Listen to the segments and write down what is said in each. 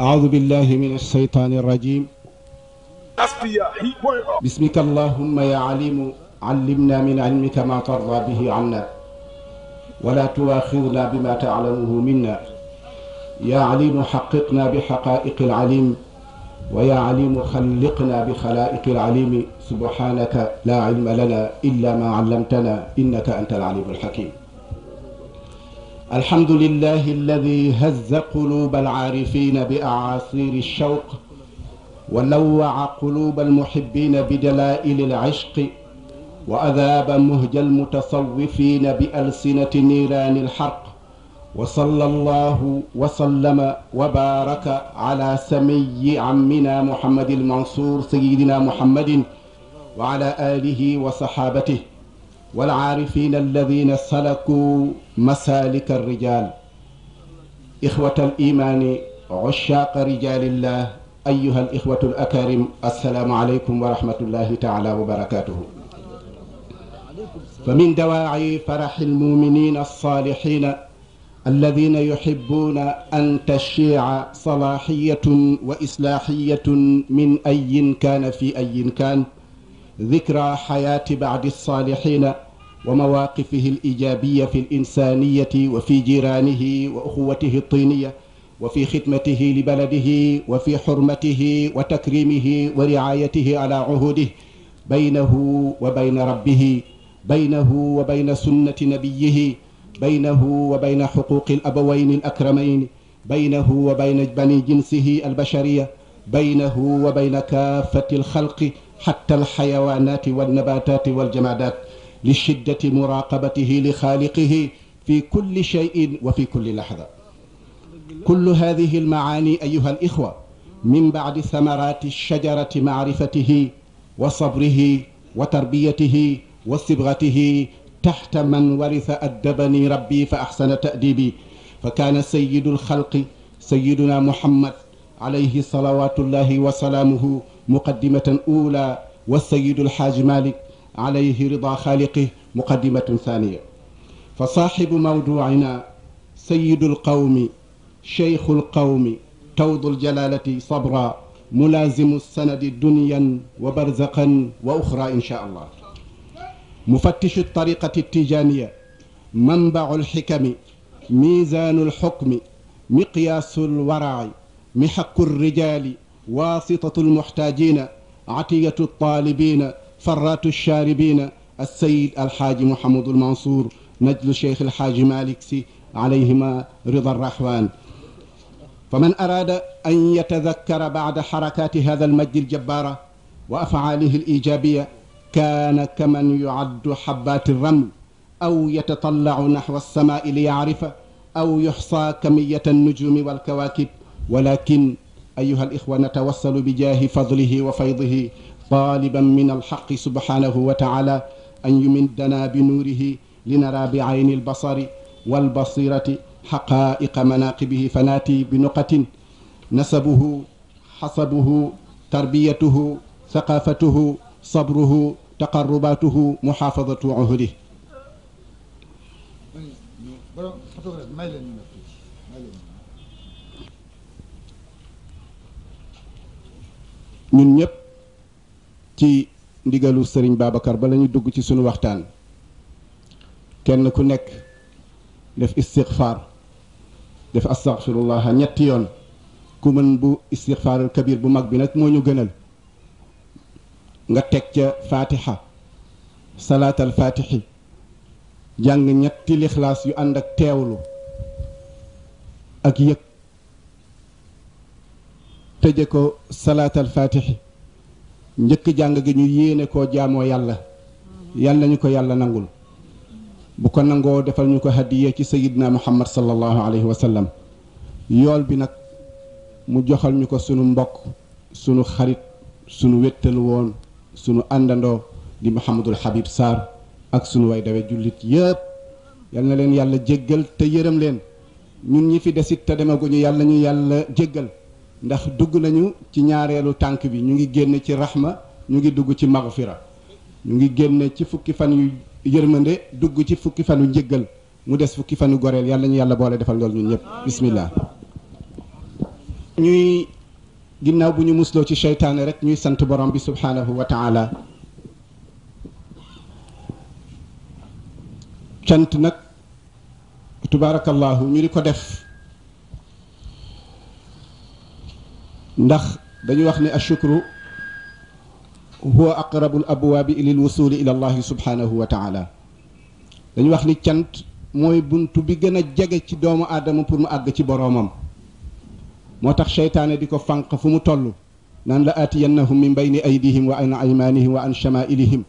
أعوذ بالله من الشيطان الرجيم بسمك اللهم يا عليم علمنا من علمك ما ترضى به عنا ولا تواخذنا بما تعلمه منا يا عليم حققنا بحقائق العليم ويا عليم خلقنا بخلائق العليم سبحانك لا علم لنا إلا ما علمتنا إنك أنت العليم الحكيم الحمد لله الذي هز قلوب العارفين بأعاصير الشوق ونوع قلوب المحبين بدلائل العشق وأذاب مهج المتصوفين بألسنة نيران الحرق وصلى الله وسلم وبارك على سمي عمنا محمد المنصور سيدنا محمد وعلى آله وصحابته والعارفين الذين سلكوا مسالك الرجال إخوة الإيمان عشاق رجال الله أيها الإخوة الأكارم السلام عليكم ورحمة الله تعالى وبركاته فمن دواعي فرح المؤمنين الصالحين الذين يحبون أن تشيع صلاحية وإصلاحية من أي كان في أي كان ذكرى حياة بعد الصالحين wa mawaaqifihi al-ijaabiya fi al-insaaniyati wa fi jiiraanihi wa uxuwatihi at-tiiniya wa fi xidmatihi li baladihi wa fi xurmatihi wa takrimihi wa ricaayatihi alaa cuhuudihi baynahu wa bayna rabbihi baynahu wa bayna sunnati nabiyihi baynahu wa bayna xuquuqi al-abawayni al-akramayni baynahu wa bayna bani jinsihi al-bashariya baynahu wa bayna kaafati al-xalqi xatta al-xayawaanaati wan-nabaataati wal-jamaadaat li shiddati muraqabatihi li xaaliqihi fi kulli shayin wa fi kulli lahda kullu hadihi almaani ayuha alixwa min bacdi samarati alshajarati macrifatihi wa sabrihi wa tarbiyatihi wa sibgatihi taxta man warisa addabani rabbi fa axsana taadibi fa kaana sayidu alxalqi sayiduna muhammad alayhi salawatullahi wa salaamuhu muqaddimatan ula wa sayidu alxaaji malik alayhi rida xaaliqi muqaddimatun thaniya fa saaxibu mawduina sayidu lqawmi cheikhu lqawmi tawdu ljalalati sabra mulaazimu sanadi duniyan wa barzaqan wa uxra insha allah mufattishu tariqati tijaaniya manbacu lxikami miizaanu lxukmi miqyaasu lwaraci mixaku lrijaali waasitatu lmuxtaajiina atiyatu ltaalibiina farraatu shaaribiina alsayid alxaaji Mouhamadul Mansour najlu cheikh alxaaji Malick si alayhima rida rahman faman araada an yatadakkara bacda xarakaati hada almajdi aljabbaara wa afcaalihi alijabiya kaana kaman yucaddu xabbaati raml aw yatatallacu naxwa alsamaai liyacrifa aw yuxsaa kamiyata alnujumi walkawaakib walakin ayuha alixwa natawassalu bijaahi fadlihi wa faydihi طالبا من الحق سبحانه وتعالى أن يمدنا بنوره لنرى بعين البصر والبصيرة حقائق مناقبه فناتي بنقة نسبه حسبه تربيته ثقافته صبره تقرباته محافظة عهده ñun ñëpp ci ndigalu sëriñ Babacar ba la dugg ci sunu waxtaan kenn ku nekk def istighfar def astaghfirullah ñetti yoon ku mën bu istighfarul kabir bu mag bi nag moo ñu gënal nga teg ca fatiha salaatal fatixi jàng ñetti lixlaas yu ànd ak teewlu ak yëg tëje ko salaatal fatixi njëkk jàng gi ñu yéene koo jaamoo yàlla yal nañu ko yàlla nangul bu ko nangoo defal ñu ko hadiya ci sayidna muhammad sallallahu alayhi wa sallam yool bi nag mu joxal ñu ko sunu mbokk sunu xarit sunu wéttal woon sunu àndandoo di muhammadul habib sarr ak sunu way dawe jullit yépp yal na leen yàlla jéggal te yërëm leen ñun ñi fi desit te demaguñu yàlla ñu yàlla jéggal ndax dugg nañu ci ñaareelu tànk bi ñu ngi génn ci raxma ñu ngi dugg ci magfira ñu ngi génn ci fukki fan yu yërmande dugg ci fukki fanu njëggal mu des fukki fanu goreel yàlla ñu yàlla boole defal loolu ñun ñëpp bismillah ñuy ginnaaw bu ñu musloo ci seytaane rek ñuy sant borom bi subhaanahu wa taala cant nag tubaarakallaahu ñu di ko def ndax dañuy wax ne ashukru huwa aqrabul abwaabi lil wusuli ila allahi subhanahu wa taala dañu wax ni cant mooy buntu bi gën a jege ci doomu aadama pour mu àgg ci boroomam moo tax seytaane di ko fànq fu mu toll naan la aatiyannahum min bayni aydihim wa an aymaanihim wa an shamaa'ilihim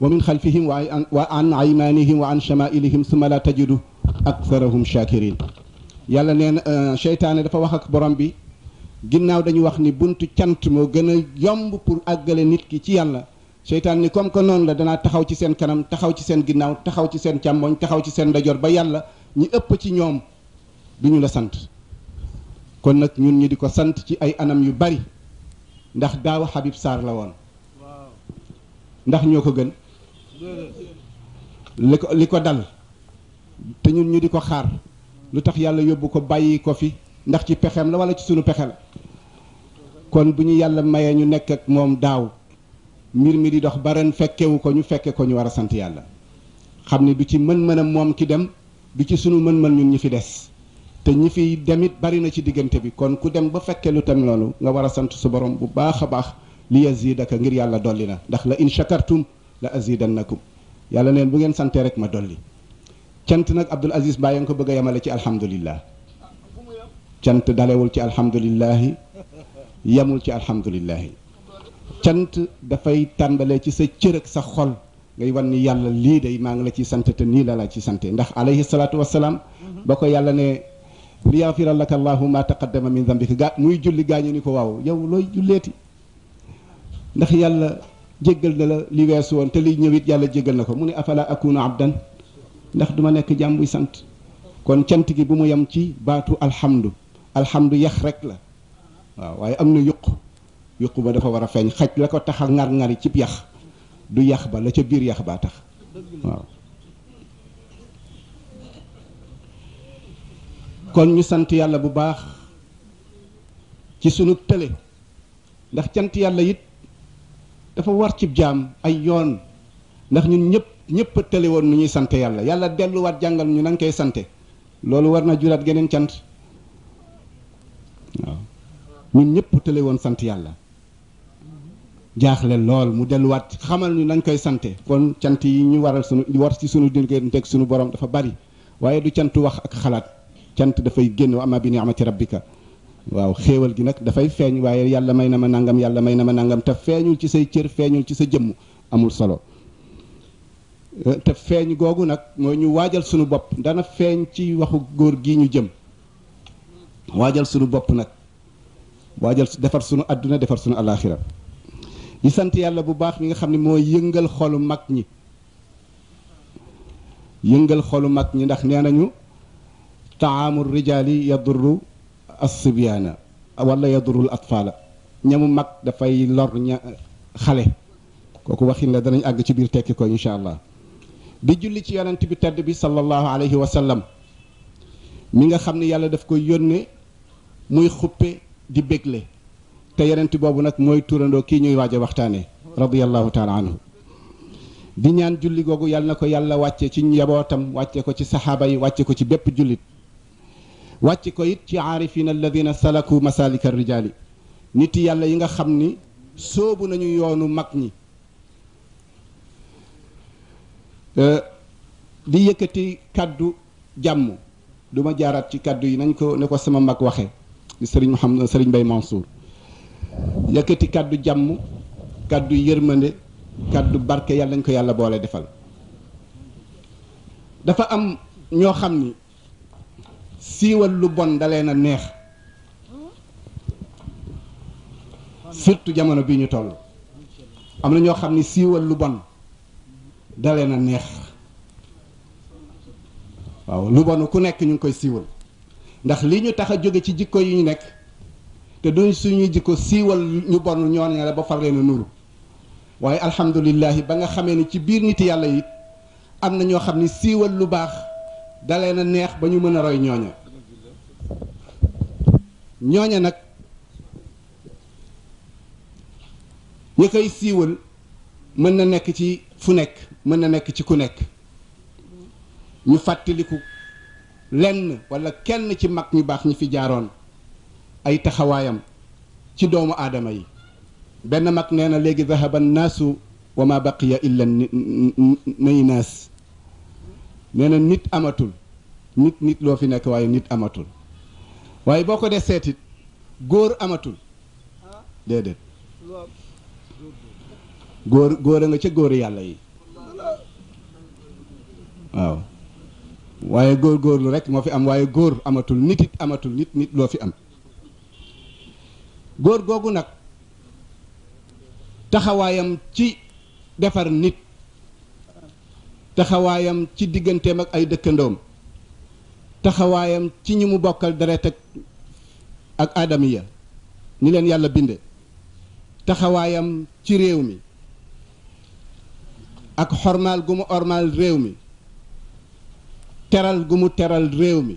wa min xalfihim wa an aymaanihim wa an shamaa'ilihim summa la tajidu aktharahum shakirin yàlla nee na euh, seytaane dafa wax ak borom bi ginnaaw dañu wax ni buntu cant moo gën a yomb pour àggale nit ki ci yàlla seytaan ni comme que noonu la danaa taxaw ci seen kanam taxaw ci seen ginnaaw taxaw ci seen càmmoñ taxaw ci seen ndeyjoor ba yàlla ñi ëpp ci ñoom du ñu la sant kon nag ñun ñi di ko sant ci ay anam yu bari ndax daaw Habib Sarr la woon ndax ñoo ko gën li ko li ko dal te ñun ñu di ko xaar lu tax yàlla yóbbu ko bàyyi ko fi ndax ci pexeem la wala ci sunu pexe la kon bu ñu yàlla mayee ñu nekk ak moom daaw mbir mi di dox ba ren fekkewu ko ñu fekke ko ñu war a sant yàlla xam ne du ci mën-mënam moom ki dem du ci sunu mën-mën ñun ñi fi des te ñi fi it bari na ci diggante bi kon ku dem ba fekke lu tam loolu nga war a sant su borom bu baax a baax li yazidaka ngir yàlla dolli na ndax la in shakartum la azidannakum yàlla neen bu ngeen santee rek ma dolli cant nag Abdul Aziz Ba yaa ngi ko bëgg a yemale ci alhamdulillah cant dalewul ci alhamdulillahi yemul ci alhamdulilahi cant dafay tàmbalee ci sa cër ak sa xol ngay wan ni yàlla lii dey maa ngi la ciy sant te nii la la ci sante ndax alayhi salaatu wasalaam mhm. ba ko yàlla ne li yaxfira laka allahu ma taqaddama min dambika gaa muy julli gaañu ni ko waaw yow looy julleeti ndax yàlla jéggal na la li weesu woon te liy ñëwit yàlla jéggal na ko mu ne afala akunu abdan ndax duma nekk jàmm jàmbuy sant kon cant gi bu mu yem ci baatu alhamdu alxamdu yax rek la waaw waaye am na yuq yuq ba dafa war a feeñ xaj la ko tax a ngari ŋari cib yax du yax ba la ca biir yax baa tax waaw kon ñu sant yàlla bu baax ci sunu tële ndax cant yàlla it dafa war cib jaam ay yoon ndax ñun ñëpp ñëpp tële woon nu ñuy sante yàlla yàlla delluwaat jàngal ñu na koy sante loolu war na juraat geneen cant waaw ñun ñëpp tële woon sant yàlla jaaxle lool mu delluwaat xamal ni nañ koy sante kon cant yi ñu waral sunu war ci sunu digganteeg sunu borom dafa bari waaye du cant wax ak xalaat cant dafay génn ama bi ni'mati rabbika waaw xéewal gi nag dafay feeñ waaye yàlla may na ma nangam yàlla may na ma nangam te feeñul ci say cër feeñul ci sa jëmm amul solo euh, te feeñ googu nag mooy ñu waajal sunu bopp dana feeñ ci waxu góor gi ñu jëm waajal sunu bopp nag waajal defar sunu àdduna defar sunu alaaxira di sant yàlla bu baax mi nga xam ne moo yëngal xolu mag ñi yëngal xolu mag ñi ndax nee nañu taamu rijaali yadurru asibyaana wala yadurul atfaala ñamu mag dafay lor ña xale kooku waxin la danañ àgg ci biir tekki ko incha allah di julli ci yonent bi tedd bi sallallahu alayhi wa sallam mi nga xam ne yàlla daf koy yónnee muy xuppe di bégle te yonent boobu nag mooy turandoo kii ñuy waaje a waxtaanee radiyallahu taala anhu di ñaan julli googu yàlla na ko yàlla wàcce ci njabootam wàcce ko ci saxaaba yi wàcce ko ci bépp jullit wàcce ko it ci aarifina alladina salaku masalika rijaali nit yàlla yi nga xam ni soobu nañu yoonu mag ñi di yëkkati kàddu jàmm duma jaaraat ci kàddu yi nañ ko ne ko sama mag waxe di sëriñ Mouhamed euh, sëriñ Mbaye Mansour yëkkati kàddu jàmm kàddu yërmande kàddu barke yàlla nañ ko yàlla boole defal dafa am ñoo xam ni siiwal lu bon dalee na neex surtout jamono bi ñu toll am na ñoo xam ni siiwal lu bon dalee na neex waaw lu bon ku nekk ñu ngi koy siiwal ndax li ñu tax a jóge ci jikko yi ñu nekk te duñ suñuy jikko siiwal ñu bon ñoo ne la ba far leen a nuru waaye alhamdulilah ba nga xamee ni ci biir nit yàlla yi am na ñoo xam ni siiwal lu baax dalee na neex ba ñu mën a roy ñooña ñooña nag ñi siiwal mën na nekk ci fu nekk mën na nekk ci ku nekk ñu fàttaliku. lenn walla kenn ci mag ñu baax ñi fi jaaroon ay taxawaayam ci doomu aadama yi benn mag nee na léegi zahaba naasu wa ma baqiya illa nay naas nee na nit amatul nit nit loo fi nekk waaye nit amatul waaye boo ko dee seetit góor amatul déedéet góor góor a nga ca góor yàlla yi waaw waaye góor góorlu rek moo fi am waaye góor amatul nit it amatul nit nit loo fi am góor googu nag taxawaayam ci defar nit taxawaayam ci digganteem ak ay dëkkandoom taxawaayam ci ñi mu bokkal deret ak ak aadamiya ñi leen yàlla binde taxawaayam ci réew mi ak xormaal gu mu ormaal réew mi teral gu mu teral réew mi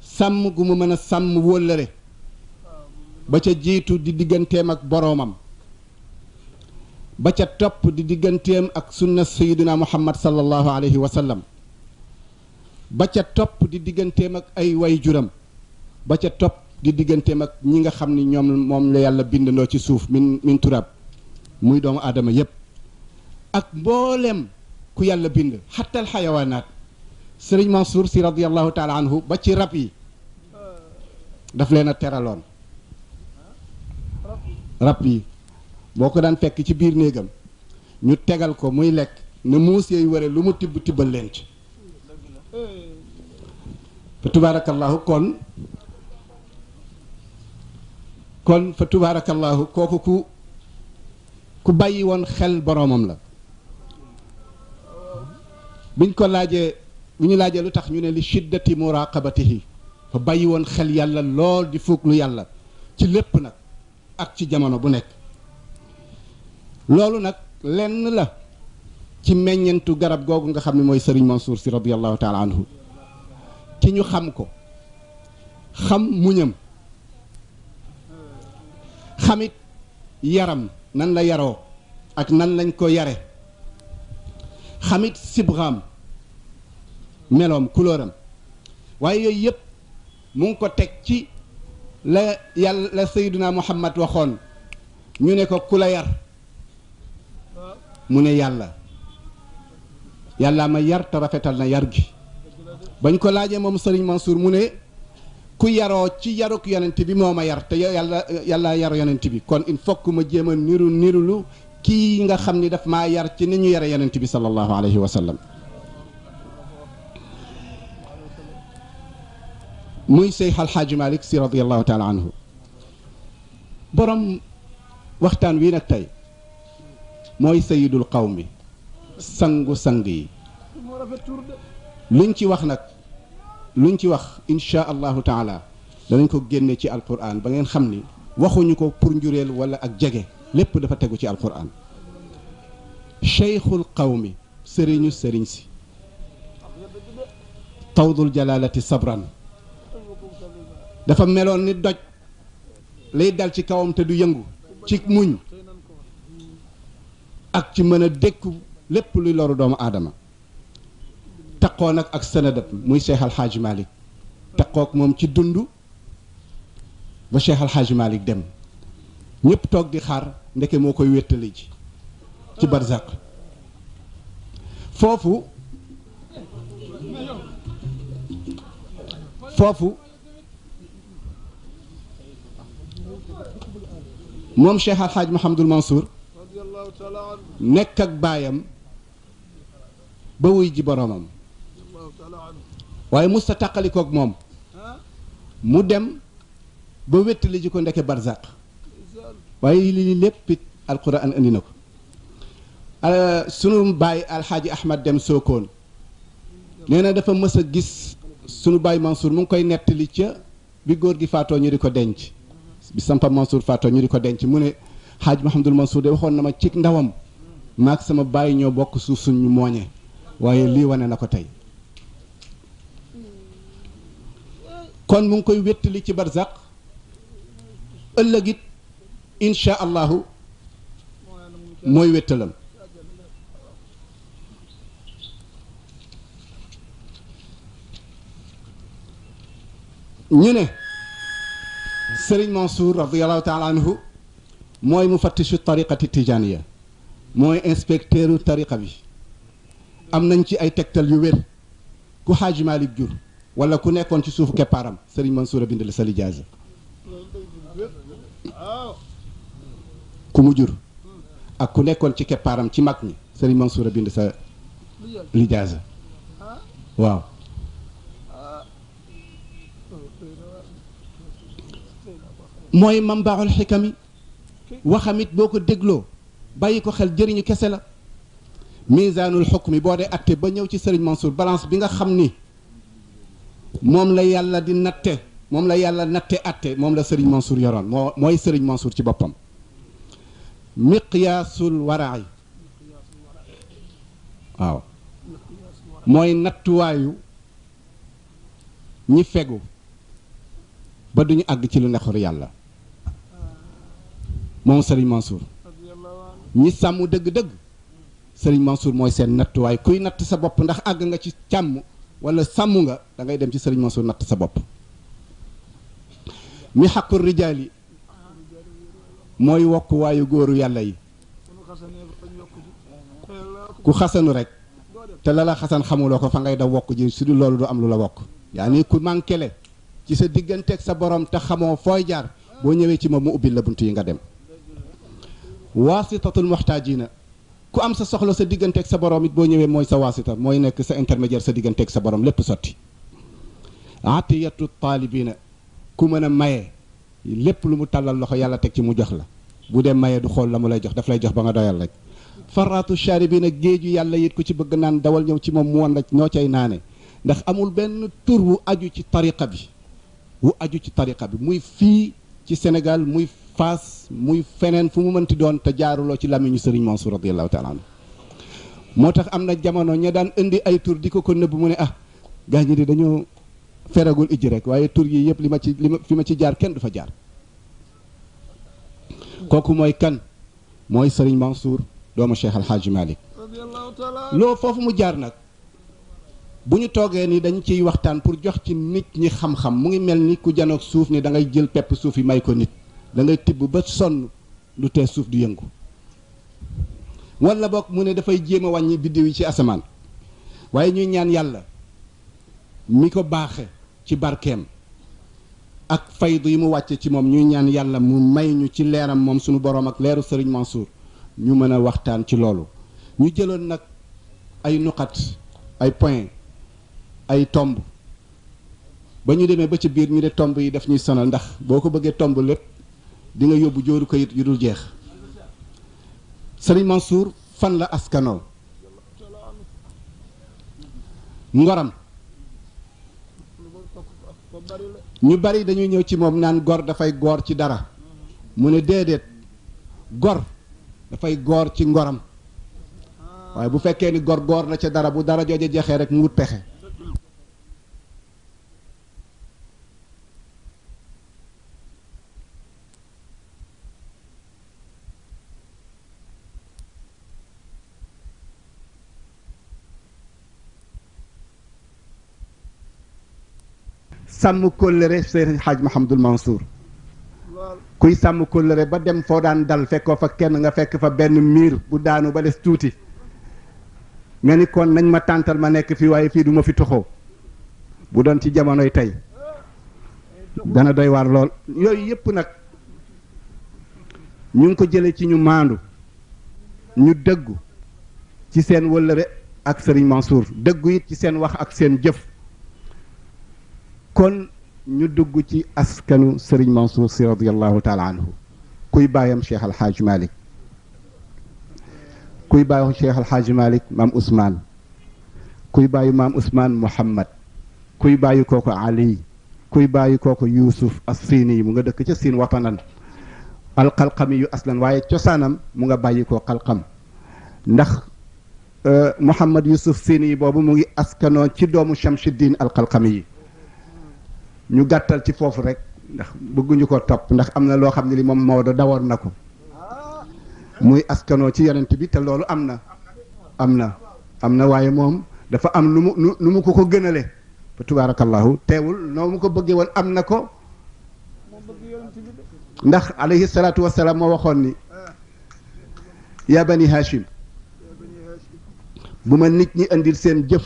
sàmm gu mu mën a sàmm wóllëre ba ca jiitu di digganteem ak boroomam ba ca topp di digganteem ak sunna sayidina muhammad sallallahu alayhi wa sallam ba ca topp di digganteem ak ay way juram ba ca topp di digganteem ak ñi nga xam ni ñoom moom la yàlla bindandoo ci suuf min min turab muy doomu aadama yépp ak mboolem ku yàlla bind xatal xayawaanaat sëriñ Mansour si radiallahu taala ba ci rab yi daf leen a teraloon rab yi boo ko daan fekk ci biir néegam ñu tegal ko muy lekk ne muus yooyu ware lu mu tibb tibbal leen ci fa tubaarakallahu kon kon fa tubaarakallahu kooku ku ku bàyyi woon xel boroomam la biñ ko laajee bu ñu laajee lu tax ñu ne li shiddati muraqabatihi fa bàyyi woon xel yàlla lool di fuug lu yàlla ci lépp nag ak ci jamono bu nekk loolu nag lenn la ci meññentu garab googu nga xam ni mooy sëriñ Mansour si radiyallahu taala anhu ci ñu xam ko xam muñam xamit yaram nan la yaroo ak nan lañ ko yare xamit sibxaam meloom couleuram waaye yooyu yëpp mu ngi ko teg ci la yàlla la sayduna muhammad waxoon ñu ne ko ku la yar mu ne yàlla yàllaa ma yar te rafetal na yar gi bañ ko laajee moom sëriñ Mansour mu ne ku yaroo ci yaruk yonent bi moo ma yar te yàlla yàlla yar yonent bi kon il faut que ma jéem a niru nirulu kii nga xam ni daf maa yar ci ni ñu yare yonent bi sallallahu alayhi wa sallam muy Seydi Alxaaji Malik si radiallahu taala anhu borom waxtaan wi nag tey mooy sayidul qawmi sangu-sang yi luñ ci wax nag luñ ci wax inchaa allahu taala danañ ko génne ci alquran ba ngeen xam ni waxuñu ko pour njureel wala ak jege lépp dafa tegu ci alquran cheikhul qawmi sëriñu sëriñ si tawdul jalalati sabran dafa meloon ni doj lay dal ci kawam te du yëngu ci muñ ak ci mën a dékku lépp luy loru doomu aadama taqoo nag ak sanadab muy seexal Al Hadj Malick moom ci dund ba Cheikh Al Hadj dem ñëpp toog di xaar ndeke moo koy wéttali ji ci barzaq foofu foofu moom Cheikh Alhaaj Mouhamadul Mansour nekk ak baayam ba wuy ji boroomam waaye musta takkalikook moom mu dem ba wéttali ji ko ndeke barzaq waaye lii lépp it alquran na ko euh, sunu baay alxaaji ahmad dem sookoon nee na dafa mës a gis sunu baay Mansour mu ngi koy nettali ca bi góor gi faatoo ñu di ko denc bi sampa Mansour Fatou ñu di ko denc mu ne xaaj ma Mahamadul Mansour de waxoon na ma cig ndawam maag sama bàyyi ñoo bokk suuf suñu mooñee waaye lii wane na ko tey kon mu ngi koy wéttali ci barzaq ëllëg it incha allahu mooy wéttalam ñu ne Serigne Mansour radiallahu taala anhu mooy mu fattichu tariqati tijaniya mooy inspecteuru tariqa bi am nañ ci ay tegtal yu wér ku xaaji Malick jur wala ku nekkoon ci suufu keppaaram Serigne Mansour a bind la sa lijaasa ku mu jur ak ku nekkoon ci keppaaram ci mag ñi Serigne Mansour a bind sa lijaasa waaw mooy mambaxul xikami waxamit boo ko dégloo bàyyi ko xel jëriñu kese la misaanul mi boo dee atte ba ñëw ci sëriñ Mansour balance bi nga xam ni moom la yàlla di natte moom la yàlla natte atte moom la sëriñ Mansour yoroon moo mooy sëriñ Mansour ci boppam miqyaasul waraay waaw mooy nattuwaayu ñi fegu ba duñu àgg ci lu nexoru yàlla moom Serigne Mansour ñi sàmm dëgg-dëgg Serigne Mansour mooy seen nattuwaay kuy natt sa bopp ndax àgg nga ci càmm wala sàmm nga da ngay dem ci Serigne Mansour natt sa bopp mi xàqul rijaal yi mooy wokkuwaayu góoru yàlla yi ku xasanu rek te la xasan xamuloo ko fa ngay da wokk ji su du loolu du am lu la wokk yaa ni ku mànkele ci sa digganteeg sa borom te xamoo fooy jaar boo ñëwee ci moom mu ubbil la bunt yi nga dem waasitatul muxtaajina ku am sa soxla sa digganteeg sa borom it boo ñëwee mooy sa waasita mooy nekk sa intermédiaire sa digganteeg sa borom lépp sotti atiyatu taalibina ku mën a maye lépp lu mu tàllal loxo yàlla teg ci mu jox la bu dee maye du xool la mu lay jox daf lay jox ba nga doyal rek faraatu charibina géeju yàlla yit ku ci bëgg naan dawal ñëw ci moom mu wan la noo cay naane ndax amul benn tur wu aju ci tariqa bi wu aju ci tariqa bi muy fii ci Sénégal muy Fass muy feneen fu mu mënti doon te jaaruloo ci làmmiñu Sëriñ Mansour radiyallahu taala anhu moo tax am na jamono ña daan indi ay tur di ko ko nëbb mu ne ah gaa ñi di dañoo feragul ijji rek waaye tur yi yëpp li ma ci li ma fi ma ci jaar kenn du fa jaar kooku mooy kan mooy Sëriñ Mansour doomu Cheikh Alhaaji Malick loo foofu mu jaar nag bu ñu toogee nii dañ ciy waxtaan pour jox ci nit ñi xam-xam mu ngi mel ni ku janoog suuf ni dangay jël pepp suuf yi may ko nit dangay ngay tibb ba sonn lu te suuf du yëngu wala boog mu ne dafay jéem a wàññi biddiw yi ci asamaan waaye ñuy ñaan yàlla mi ko baaxe ci barkeem ak faydu yi mu wàcce ci moom ñuy ñaan yàlla mu may ñu ci leeram moom suñu boroom ak leeru sëriñ Mansour ñu mën a waxtaan ci loolu ñu jëloon nag ay nuqat ay point ay tomb ba ñu demee ba ci biir ñu ne tomb yi daf ñuy sonal ndax boo ko bëggee tomb lépp di nga yóbbu jóoru kayit yu dul jeex sëriñ Mansour fan la askanoo ngoram ñu bari dañuy ñëw ci moom naan gor dafay goor ci dara mu ne déedéet gor dafay goor ci ngoram waaye bu fekkee ni gor goor na ca dara bu dara jooje jeexee rek mu wut pexe sàmm kóllëre Seydi Hadj Mahamadul Mansour kuy sàmm kóllëre ba dem foo daan dal fekkoo fa kenn nga fekk fa benn miir bu daanu ba des tuuti nga ni kon nañ ma tàntal ma nekk fii waaye fii du ma fi toxoo bu doon ci jamonoy tey dana doy waar lool yooyu yëpp nag ñu ngi ko jële ci ñu maandu ñu dëggu ci seen wëllëre ak Serigne Mansour dëggu it ci seen wax ak seen jëf kon ñu dugg ci askanu Serigne Mansour si radiallahu taala anhu kuy bàyyam Cheikh Al malik kuy bàyyu Cheikh Al Hadj Malick maam Ousmane kuy bàyyu maam Ousmane Mouhammad kuy bàyyu kooku Ali kuy bàyyu kooku Yuusuf as-Siini mu nga dëkk ca Siin watanan alxalxami yu aslan waaye cosaanam mu nga bàyyi koo xalxam ndax euh, Mouhammad Yuusuf Siini boobu mu ngi askanoo ci doomu Chamsuddin alxalxami yi ñu gàttal ci foofu rek ndax bëgguñu ko topp ndax am na loo xam ne li moom Maodo dawoon na ko muy askanoo ci yonent bi te loolu am na am na am na waaye moom dafa am nu mu nu mu ko ko gënale fa tubaarakallahu teewul noo mu ko bëggee woon am na ko ndax alayhi salaatu wasalaam moo waxoon ni yaa bani hashim bu ma nit ñi indil seen jëf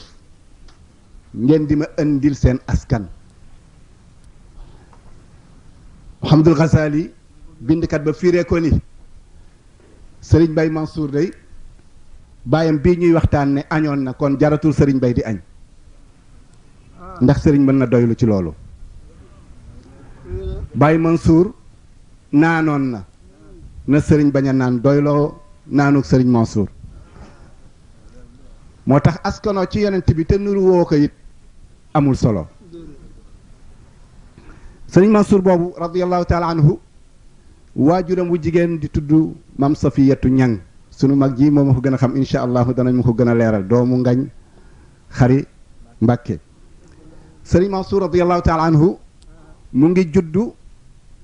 ngeen di ma indil seen askan Muhammadul Ghazali bindkat ba fiiree ko ni sëriñ Bay Mansour day bàyyam bii ñuy waxtaan ne añoon na kon jaratul sëriñ Bay di añ ndax sëriñ mën na doylu ci loolu Bay Mansour naanoon na na sëriñ bañ a naan doyloo naanuk sëriñ Mansour moo tax askano ci yonent bi te nuru woo ko it amul solo sëriñ Mansour boobu radiallahu taala anhu waajuram wu jigéen di tudd maam Safiyatu ñan sunu mag ji moom ma ko gën a xam incha allahu danañ ma ko gën a leeral doomu ngañ xari Mbàkke sëriñ Mansour radiallahu taala anhu mu ngi juddu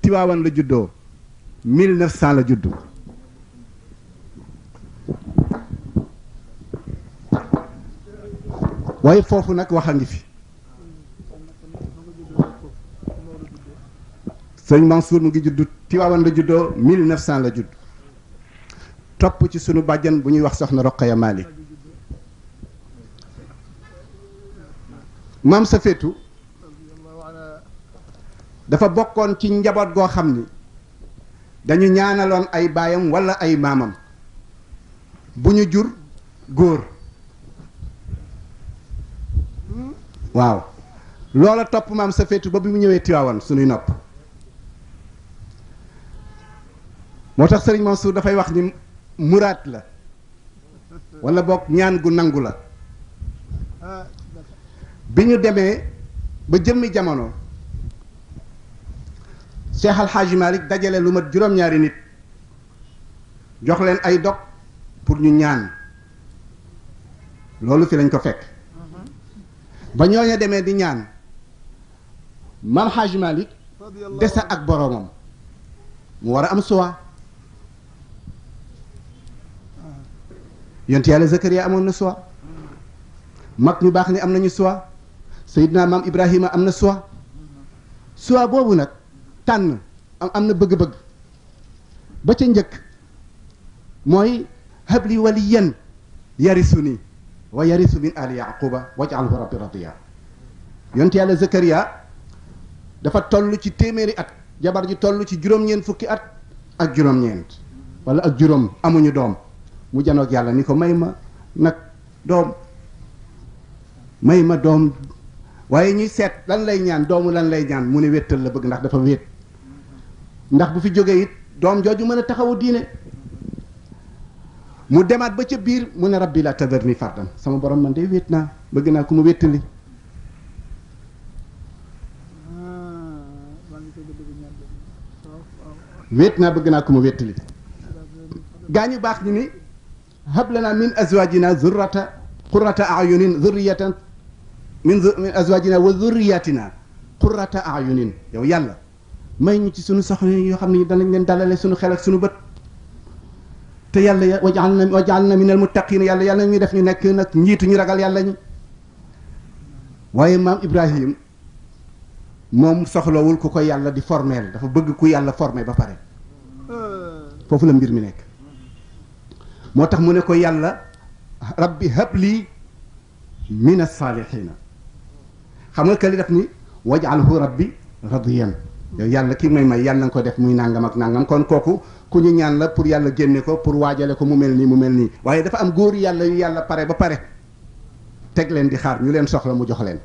Tiwaawan la juddoo 1900 la juddu waaye foofu nag wax ngi fi sëñ Mansour mu ngi judd Tiwaawan la juddoo 1900 la judd topp ci sunu bàjjan bu ñuy wax soxna Roqaya Malick maam sa féetu dafa bokkoon ci njaboot goo xam ni dañu ñaanaloon ay baayam walla ay maamam bu ñu jur góor waaw loola topp maam sa féetu ba bi mu ñëwee Tiwaawan sunuy nopp moo tax sëriñ Mansour dafay wax ni muraat la wala bokk ñaan gu nangu la bi ñu demee ba jëmmi jamono Cheikh Al Hadj dajale lu mat juróom-ñaari nit jox leen ay dog pour ñu ñaan loolu fi lañ ko fekk ba ñooñu demee di ñaan maam Hadj Malick desa ak boroomam mu war a am suwa. yonent yàlla Zakariya amoon na choix mag ñu baax ni am nañu choix Seydina maam Ibrahima am na choix choix boobu nag tànn am na bëgg-bëgg ba ca njëkk mooy habli waliyan yarisu ni wa yarisu min ali yaquba wajalhu rabbi radiya yonent yàlla Zakariya dafa tollu ci téeméeri at jabar ji toll ci juróom-ñeent fukki at ak juróom-ñeent wala ak juróom amuñu doom mu janoog yàlla ni ko may ma nag doom may ma doom waaye ñuy seet lan lay ñaan doomu lan lay ñaan mu ne wéttal la bëgg ndax dafa wéet ndax bu fi jógee it doom jooju mën a taxawu diine mu demaat ba ca biir mu ne rab rabbi la tadarni fardan sama borom man de wéet naa bëgg naa ku ma wéttali wéet naa bëgg naa ku ma wéttali gaa ñu baax ñi ni hab lana min azwajina zurrata qurrata ayunin zurriyatan min min azwajina wa zurriyatina qurrata ayunin yow yàlla may ñu ci suñu soxna yoo xam ne danañ leen dalale suñu xel ak suñu bët te yàlla wajaal na wajaal na min al muttaqin yàlla yàlla ñu def ñu nekk nag njiitu ragal yàlla ñu waaye maam Ibrahim moom soxlawul ku ko yàlla di formeel dafa bëgg ku yàlla formé ba pare ah. foofu la mbir mi nekk moo tax mu ne ko yàlla rabbi habli min as-saalihiina xam nga këli def ni waj'alhu bi radiyan yow yàlla ki may may yàlla na nga ko def muy nangam ak nangam kon kooku ku ñu ñaan la pour yàlla génne ko pour waajale ko mu mel nii mu mel nii waaye dafa am góor yàlla yu yàlla pare ba pare teg leen di xaar ñu leen soxla mu jox leen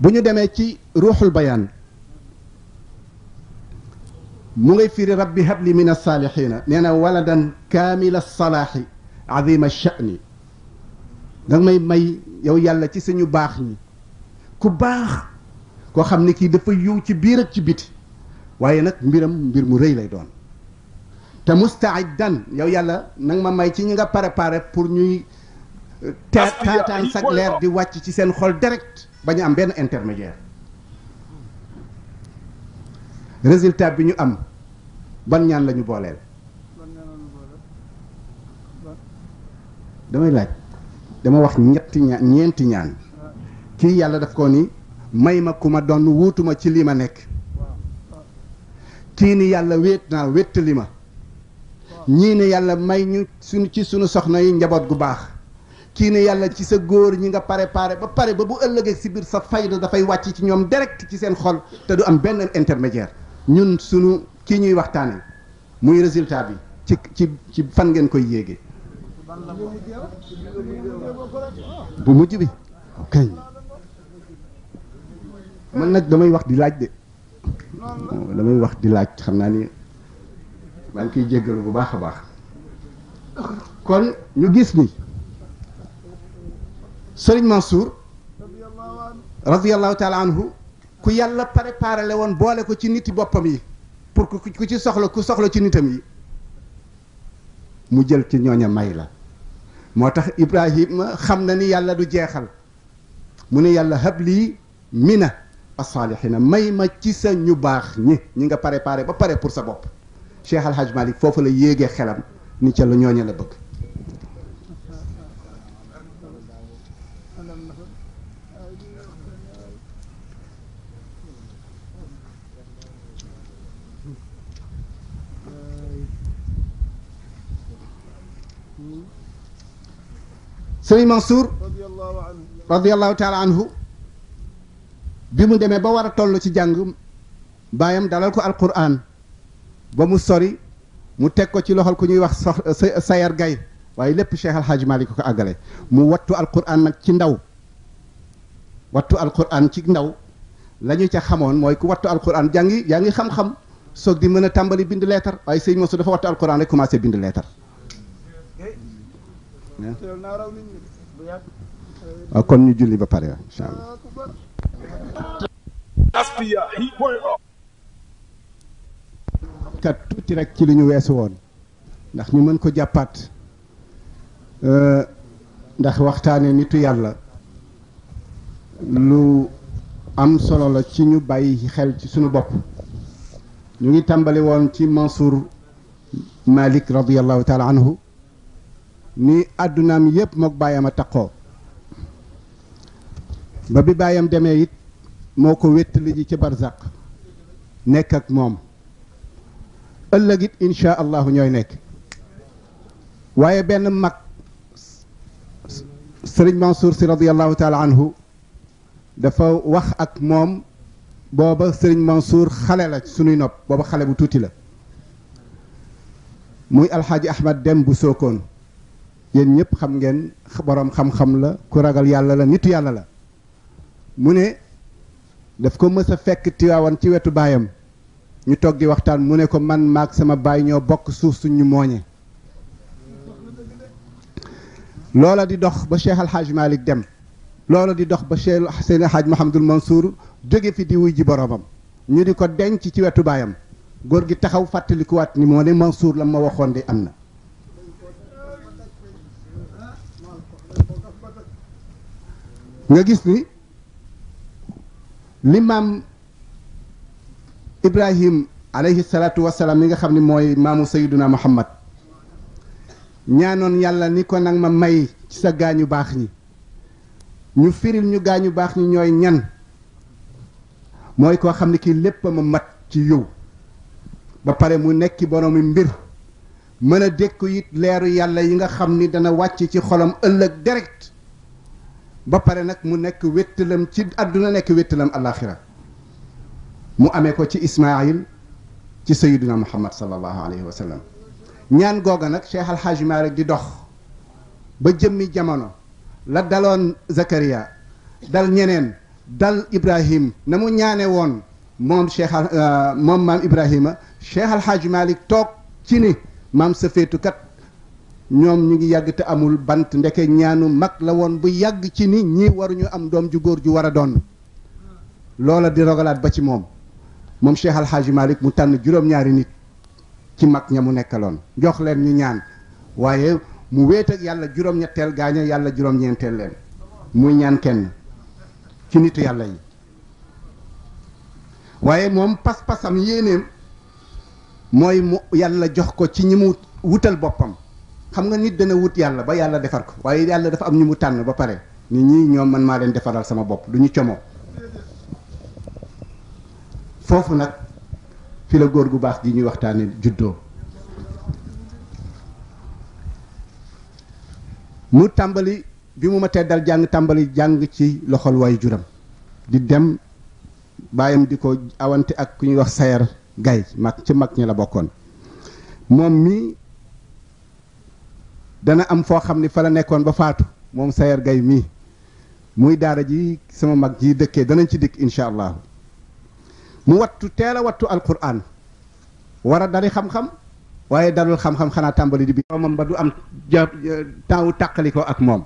bu ñu demee ci ruuxul bayaan mu ngay firi rabbi habli min alsaalixiina nee na waladan kaamil alsalaaxi azima sha'ni danga may may yow yàlla ci suñu baax ñi ku baax koo xam ne kii dafa yiw ci biir ak ci biti waaye nag mbiram mbir mu rëy lay doon te mustaidan yow yàlla nanga ma may ci ñi nga pare pour ñuy taataan sag leer di wàcc ci seen xol direct ba ñu am benn intermédiaire résultat bi ñu am ban ñaan la ñu booleel. damay laaj dama wax ñetti ñaan ñeenti ñaan kii yàlla daf ko nii may ma ku ma doon wuutuma ci lii ma nekk kii ni yàlla wéet naa wéttali ma ñii ni yàlla may ñu suñu ci sunu soxna yi njaboot gu baax kii ni yàlla ci sa góor ñi nga pare pare ba pare ba bu ëllëgeek si biir sa fayda dafay wàcc ci ñoom direct ci seen xol te du am benn intermédiaire ñun suñu kii ñuy waxtaane muy résultat bi ci ci fan ngeen koy yéege bu mujj bi ok nag damay wax di laaj de damay wax di laaj xam naa ni maa ngi koy jéggalu bu baax a baax kon ñu gis ni Sëriñ Mansour radiyallahu taala anhu ku yàlla préparé le woon boole ko ci niti boppam yi pour que ku ci soxla ku soxla ci nitam yi mu jël ci ñooña may la moo tax Ibrahima xam na ni yàlla du jeexal mu ne yàlla hab lii mina as-saalihina may ma ci sa ñu baax ñi ñi nga pare pare ba pare pour sa bopp Cheikh Al Hadj foofu la yéegee xelam ni ca la ñooña la bëgg sëriñ Mansour radiallahu taala anhu bi mu demee ba war a toll ci jàng baayam dalal ko alquran ba mu sori mu teg ko ci loxol ku ñuy wax sox sayar gay waaye lépp Cheikh Al Hadj ko ko àggale mu wattu alquran nag ci ndaw wattu alquran ci ndaw la ñu ca xamoon mooy ku wattu alquran jàngi yaa ngi xam-xam soog di mën a tàmbali bind leetar waaye sëriñ Mansour dafa wattu alquran rek commencé bind leetar Ah, kon ñu julli ba pare incha allah. kat tuuti rek ci li ñu weesu woon ndax ñu mën ko jàppaat euh, ndax waxtaane nit yàlla lu am solo la ci ñu bàyyi xel ci suñu bopp ñu ngi tàmbali woon ci Mansour Malik radiyallahu taala anhu ni àddunaam yépp mook baayam a taqoo ba bi baayam demee it moo ko wéttali ji ci barzaq nekk ak moom ëllëg it insha allahu ñooy nekk waaye benn mag sëriñ Mansour si radiallahu taala anhu dafa wax ak moom booba sëriñ Mansour xale la sunuy nopp booba xale bu tuuti la muy alxaaji Ahmad Dem bu Sookoon yéen ñëpp xam ngeen borom xam-xam la ku ragal yàlla la nitu yàlla la mu ne daf ko mësa fekk tiwaawan ci wetu baayam ñu toggi waxtaan mu ne ko man maag sama baay ñoo bokk suuf suñu mooñe loola di dox ba Cheikh Alhaaj Malick dem loola di dox ba Cheikh Seydi Alhaaj Mahamadul Mansour jóge fi di wuy ji boromam ñu di ko denc ci wetu baayam góor gi taxaw fàttalikuwaat ni moo ne Mansour la ma waxoon di am na nga gis ni limaam Ibrahim alayhi salaatu wasalaam mi nga xam ni mooy maamu Sayyiduna Muhammad ñaanoon yàlla ni ko nag ma may ci sa gaañu baax ñi ñu firil ñu gaañu baax ñi ñooy ñan mooy ko xam ne kii lépp ma mat ci yow ba pare mu nekk boroomi mbir mën a dékku it leeru yàlla yi nga xam ni dana wàcc ci xolam ëllëg direct ba pare nag mu nekk wéttalam ci àdduna nekk wéttalam alaaxira mu amee ko ci Ismaayil ci sayiduna muhammad sallallahu alayhi wa sallam ñaan googa nag Cheikh Al Hadj Malick di dox ba jëmmi jamono la daloon Zakaria dal ñeneen dal Ibrahim na mu ñaane woon moom Cheikh euh, moom maam Ibrahima Cheikh Al Hadj Malick toog ci ni maam sa féetukat ñoom ñu ngi yàgg te amul bant ndeke ñaanu mag la woon bu yàgg ci ni ñi waruñu am doom ju góor ju war a doon loola di rogalaat ba ci moom moom Cheikh Al Hadj mu tànn juróom-ñaari nit ci mag ña mu nekkaloon jox leen ñu ñaan waaye mu wéet yàlla juróom-ñetteel gaaña yàlla juróom-ñeenteel leen muy ñaan kenn ci nit yàlla yi waaye moom pas-pasam yéeneem mooy mu yàlla jox ko ci ñi mu wutal boppam. xam nga nit dana wut yàlla ba yàlla defar ko waaye yàlla dafa am ñu mu tànn ba pare nit ñi ñoom man maa leen defaral sama bopp du ñu como foofu nag fi la góor gu baax gi ñuy waxtaane juddoo mu tàmbali bi mu ma teddal jàng tàmbali jàng ci loxol waay juram di dem bàyyam di ko awante ak ku ñuy wax sayar gay mag ci mag ñi la bokkoon moom mi dana am foo xam ni fa la nekkoon ba faatu moom Sayer gay mii muy daara ji sama mag ji dëkkee danañ ci dikk incha allah mu wattu teel a wattu alquran war a dari xam-xam waaye dalul xam-xam xanaa tàmbali di bi moom ba du am ja temps wu tàqalikoo ak moom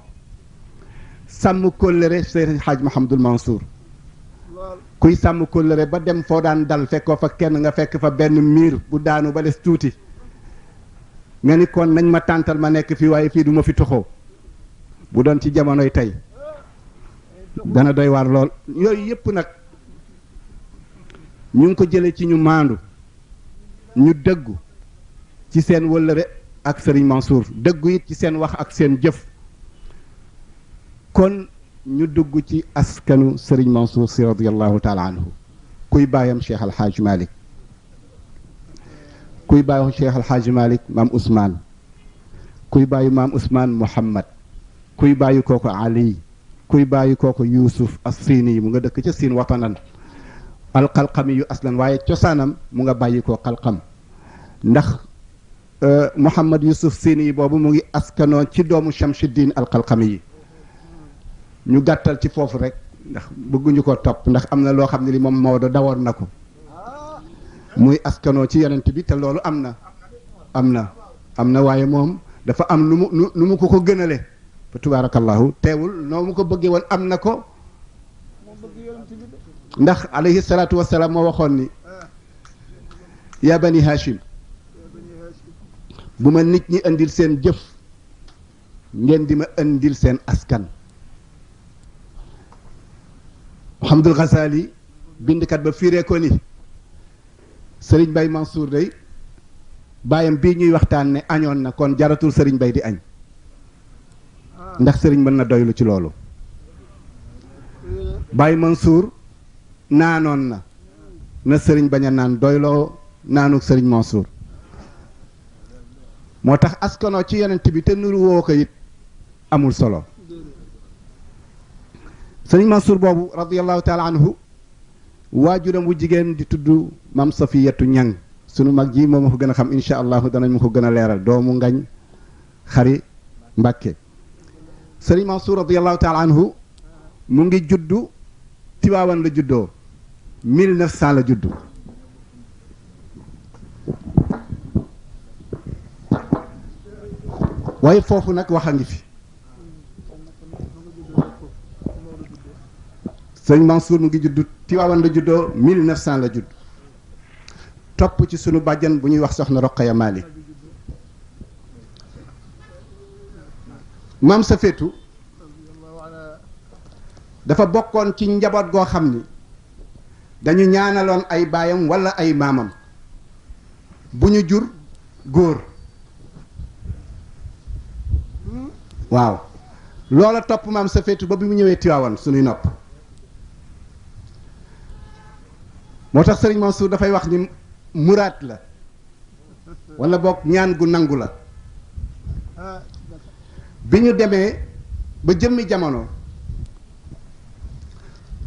sàmm kóllëre xaaj Hadj Mahamadul Mansour kuy sàmm kóllëre ba dem foo daan dal fekkoo fa kenn nga fekk fa benn miir bu daanu ba des tuuti nga ni kon nañ ma tàntal ma nekk fii waaye fii du ma fi toxoo bu doon ci jamonoy tey dana doy waar lool yooyu yëpp nag ñu ngi ko jële ci ñu maandu ñu dëggu ci seen wëllëre ak Serigne Mansour dëggu it ci seen wax ak seen jëf kon ñu dugg ci askanu Serigne Mansour si radiallahu taala anhu kuy baayam Cheikh Alhaaj Malick kuy bàyyi Cheikh El Hadj maam Ousmane kuy bàyyi maam Ousmane Mouhammad kuy bàyyi kooku Ali kuy bàyyi kooku Yuusuf as Siini mu nga dëkk ca Siin watanan alxalxami yu aslan waaye cosaanam mu nga bàyyi koo xalxam ndax euh, Mouhammad Yuusuf Siini boobu mu ngi askanoon ci doomu Chamsuddin alxalxami yi ñu gàttal ci foofu rek ndax bëgguñu ko topp ndax am na loo xam ne li moom Maodo dawoon na ko muy askanoo ci yenent bi te loolu am na am na am na waaye moom dafa am nu mu nu mu ko ko gënale fa tubaarakallahu teewul noo mu ko bëggee woon am na ko ndax alayhi salaatu wasalaam moo waxoon ni yaa bani hashim bu ma nit ñi indil seen jëf ngeen di ma indil seen askan Muhammadul Ghazali bindkat ba fiiree ko ni sëriñ Bay Mansour day bàyyam bii ñuy waxtaan ne añoon na kon jaratul sëriñ Bay di añ ah. ndax sëriñ mën na doylu ci loolu Bay Mansour naanoon na na sëriñ bañ a naan doyloo naanu sëriñ Mansour moo tax askanoo ci yonent bi te nuru woo ko it amul solo sëriñ Mansour boobu radiyallahu taala anhu waajuram wu jigéen di tudd maam Safiyatu ñan sunu mag ji moom ma ko gën a xam incha allahu danañ ma ko gën a leeral doomu ngañ xari Mbàkke sëriñ Mansour radiallahu taala anhu mu ngi juddu Tiwaawan la juddoo 1900 la juddu waaye foofu nag wax ngi fi sëñ Mansour mu ngi juddu Tiwaawan la juddoo 1900 la judd topp ci sunu bàjjan bu ñuy wax soxna Roqaya Malick maam sa féetu dafa bokkoon ci njaboot goo xam ni dañu ñaanaloon ay baayam walla ay maamam bu ñu jur góor waaw loola topp maam sa féetu ba bi mu ñëwee Tiwaawan sunuy nopp moo tax sëriñ Mansour dafay wax ni muraat la walla boog ñaan gu nangu la bi ñu demee ba jëmmi jamono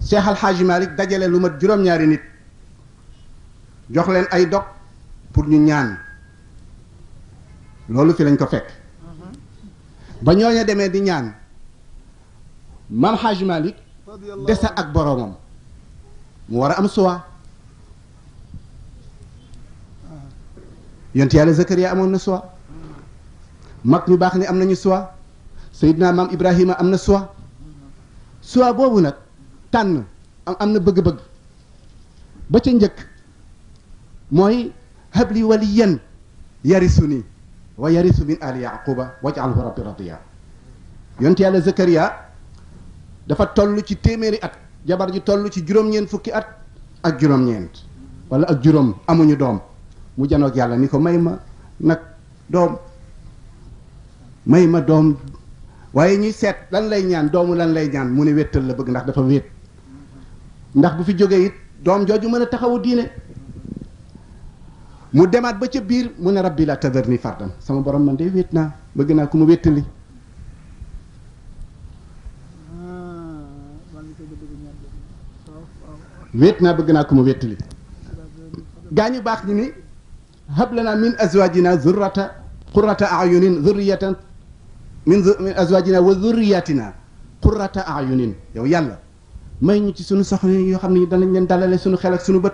Cheikh Al Hadj Malick dajale lu ma juróom-ñaari nit jox leen ay dog pour ñu ñaan loolu fi lañ ko fekk ba ñooña demee di ñaan maam Hadj Malick desa ak boroomam mu war a am suwa yonent yàlla Zakariya amoon na choix mag ñu baax ni am nañu choix Seydina maam Ibrahima am na choix choix boobu nag tànn am na bëgg-bëgg ba ca njëkk mooy habli waliyan yarisu nii wa yarisu min ali yaquba waj'alhu rabbi radiya yonent yàlla Zakariya dafa toll ci téeméeri at jabar ji tollu ci juróom-ñeent fukki at ak juróom-ñeent wala ak juróom amuñu doom mu janoog yàlla ni ko may ma nag doom may ma doom waaye ñuy seet lan lay ñaan doomu lan lay ñaan mu ne wéttal la bëgg ndax dafa wéet ndax bu fi jógee it doom jooju mën a taxawu diine mu demaat ba ca biir mu ne rabbi la tadarni fardan sama borom man de wéet naa bëgg naa ku ma wéttali wéet naa bëgg naa ku ma wéttali gaa ñu baax ñi ni hab lana min azwajina zurrata qurrata ayunin zurriyatan min min azwajina wa zurriyatina qurrata ayunin yow yàlla may ñu ci suñu soxna yoo xam ne danañ leen dalale suñu xel suñu bët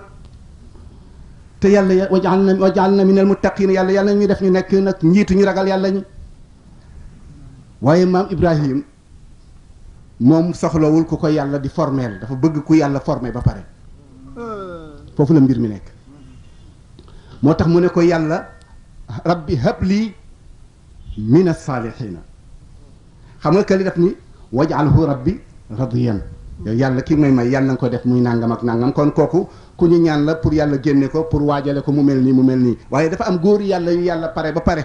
te yàlla wajaal na wajaal na min al muttaqin yàlla yàlla ñu def ñu nekk nag njiitu ñu ragal yàlla ñu waaye maam Ibrahim moom soxlawul ku ko yàlla di formeel dafa bëgg ku yàlla forme ba pare ah. foofu la mbir mi nekk moo tax mu ne ko yàlla rab rabbi habli min as-saalihiina xam nga këli def ni rab bi radiyan yow yàlla ki may may yàlla na nga ko def muy nangam ak nangam kon kooku ku ñu ñàan la pour yàlla génne ko pour waajale ko mu mel nii mu mel nii waaye dafa am góor yàlla yu yàlla pare ba pare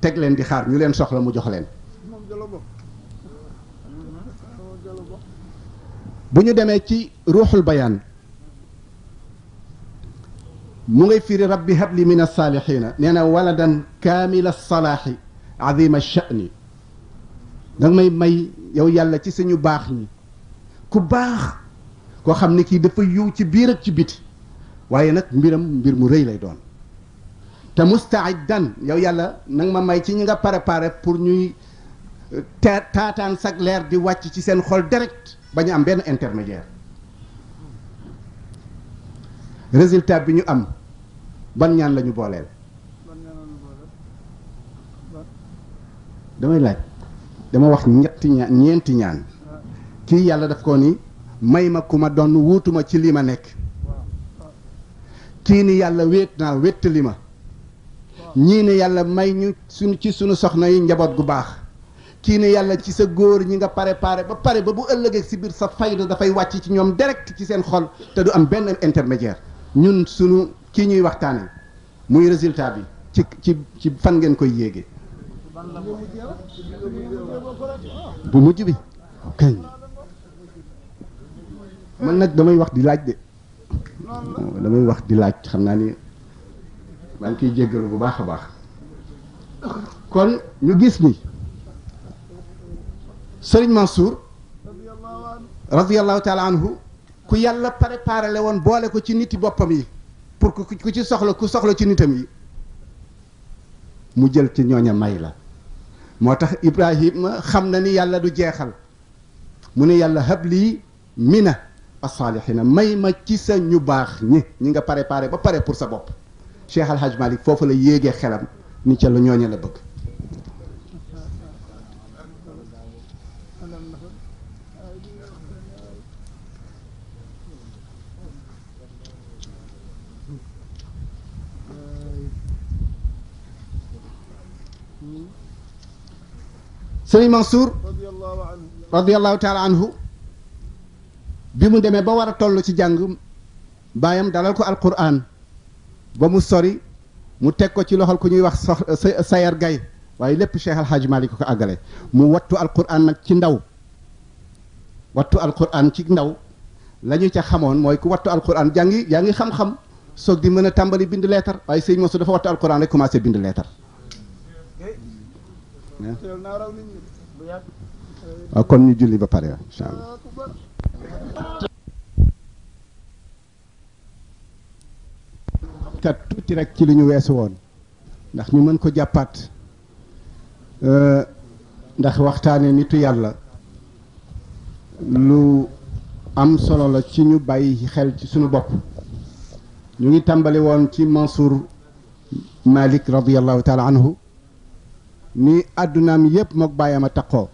teg leen di xaar ñu leen soxla mu jox leen bu ñu demee ci ruuxul bayaan mu ngay firi rabbi habli min alsaalihiina nee na waladan kaamila salaahi azima sha'ni danga may may yow yàlla ci suñu baax ñi ku baax koo xam ne kii dafa yiw ci biir ak ci biti waaye nag mbiram mbir mu rëy lay doon te mustaidan yow yàlla nanga ma may ci ñi nga pare pour ñuy euh, taataan sag di wàcc ci seen xol direct ba ñu am benn intermédiaire résultat bi ñu am ban ñaan la ñu booleel. damay laaj dama wax ñetti ñaan ñeenti ñaan ah. kii yàlla daf ko nii may ma ku ma doon wuutuma ci lii ma nekk kii ni yàlla wéet naa wétt ma ñii ni yàlla may ñu suñu ci suñu soxna yi njaboot gu baax kii ni yàlla ci sa góor ñi nga pare pare ba pare ba bu ëllëgeek si biir sa fayda dafay wàcc ci ñoom direct ci seen xol te du am benn intermédiaire ñun sunu kii ñuy waxtaane muy résultat bi ci ci fan ngeen koy yéege bu mujj bi kañ man nag damay wax di laaj de damay wax di laaj xam naa ni maa ngi koy jéggalu bu baax a baax kon ñu gis ni Serigne Mansour radiyallahu taala anhu ku yàlla préparé le woon boole ko ci niti boppam yi pour que ku ci soxla ku soxla ci nitam yi mu jël ci ñooña may la moo tax Ibrahima xam na ni yàlla du jeexal mu ne yàlla hab lii mina as-saalihina may ma ci sa ñu baax ñi ñi nga parepare ba pare pour sa bopp Cheikh Al Hadj foofu la yéegee xelam ni ca la ñooña la bëgg sëriñ Mansour radiallahu taala anhu bi mu demee ba war a toll ci jàng baayam dalal ko alquran ba mu sori mu teg ko ci loxol ku ñuy wax sa sayar gay waaye lépp Cheikh Al Hadj ko àggale mu wattu alquran nag ci ndaw wattu alquran ci ndaw la ñu ca xamoon mooy ku wattu alquran jàngi yaa ngi xam-xam soog di mën a tàmbali bind leetar waaye sëñ Mansour dafa wattu alquran rek commencé bind leetar Ah, kon ñu julli ba pare waaw allah kat tuuti rek ci li ñu weesu woon ndax ñu mën ko jàppaat euh, ndax waxtaane nitu yàlla lu am solo la ci ñu bàyyi xel ci suñu bopp ñu ngi tàmbali woon ci Mansour Malik radiyallahu taala anhu ni àddunaam yépp mook baayam a taqoo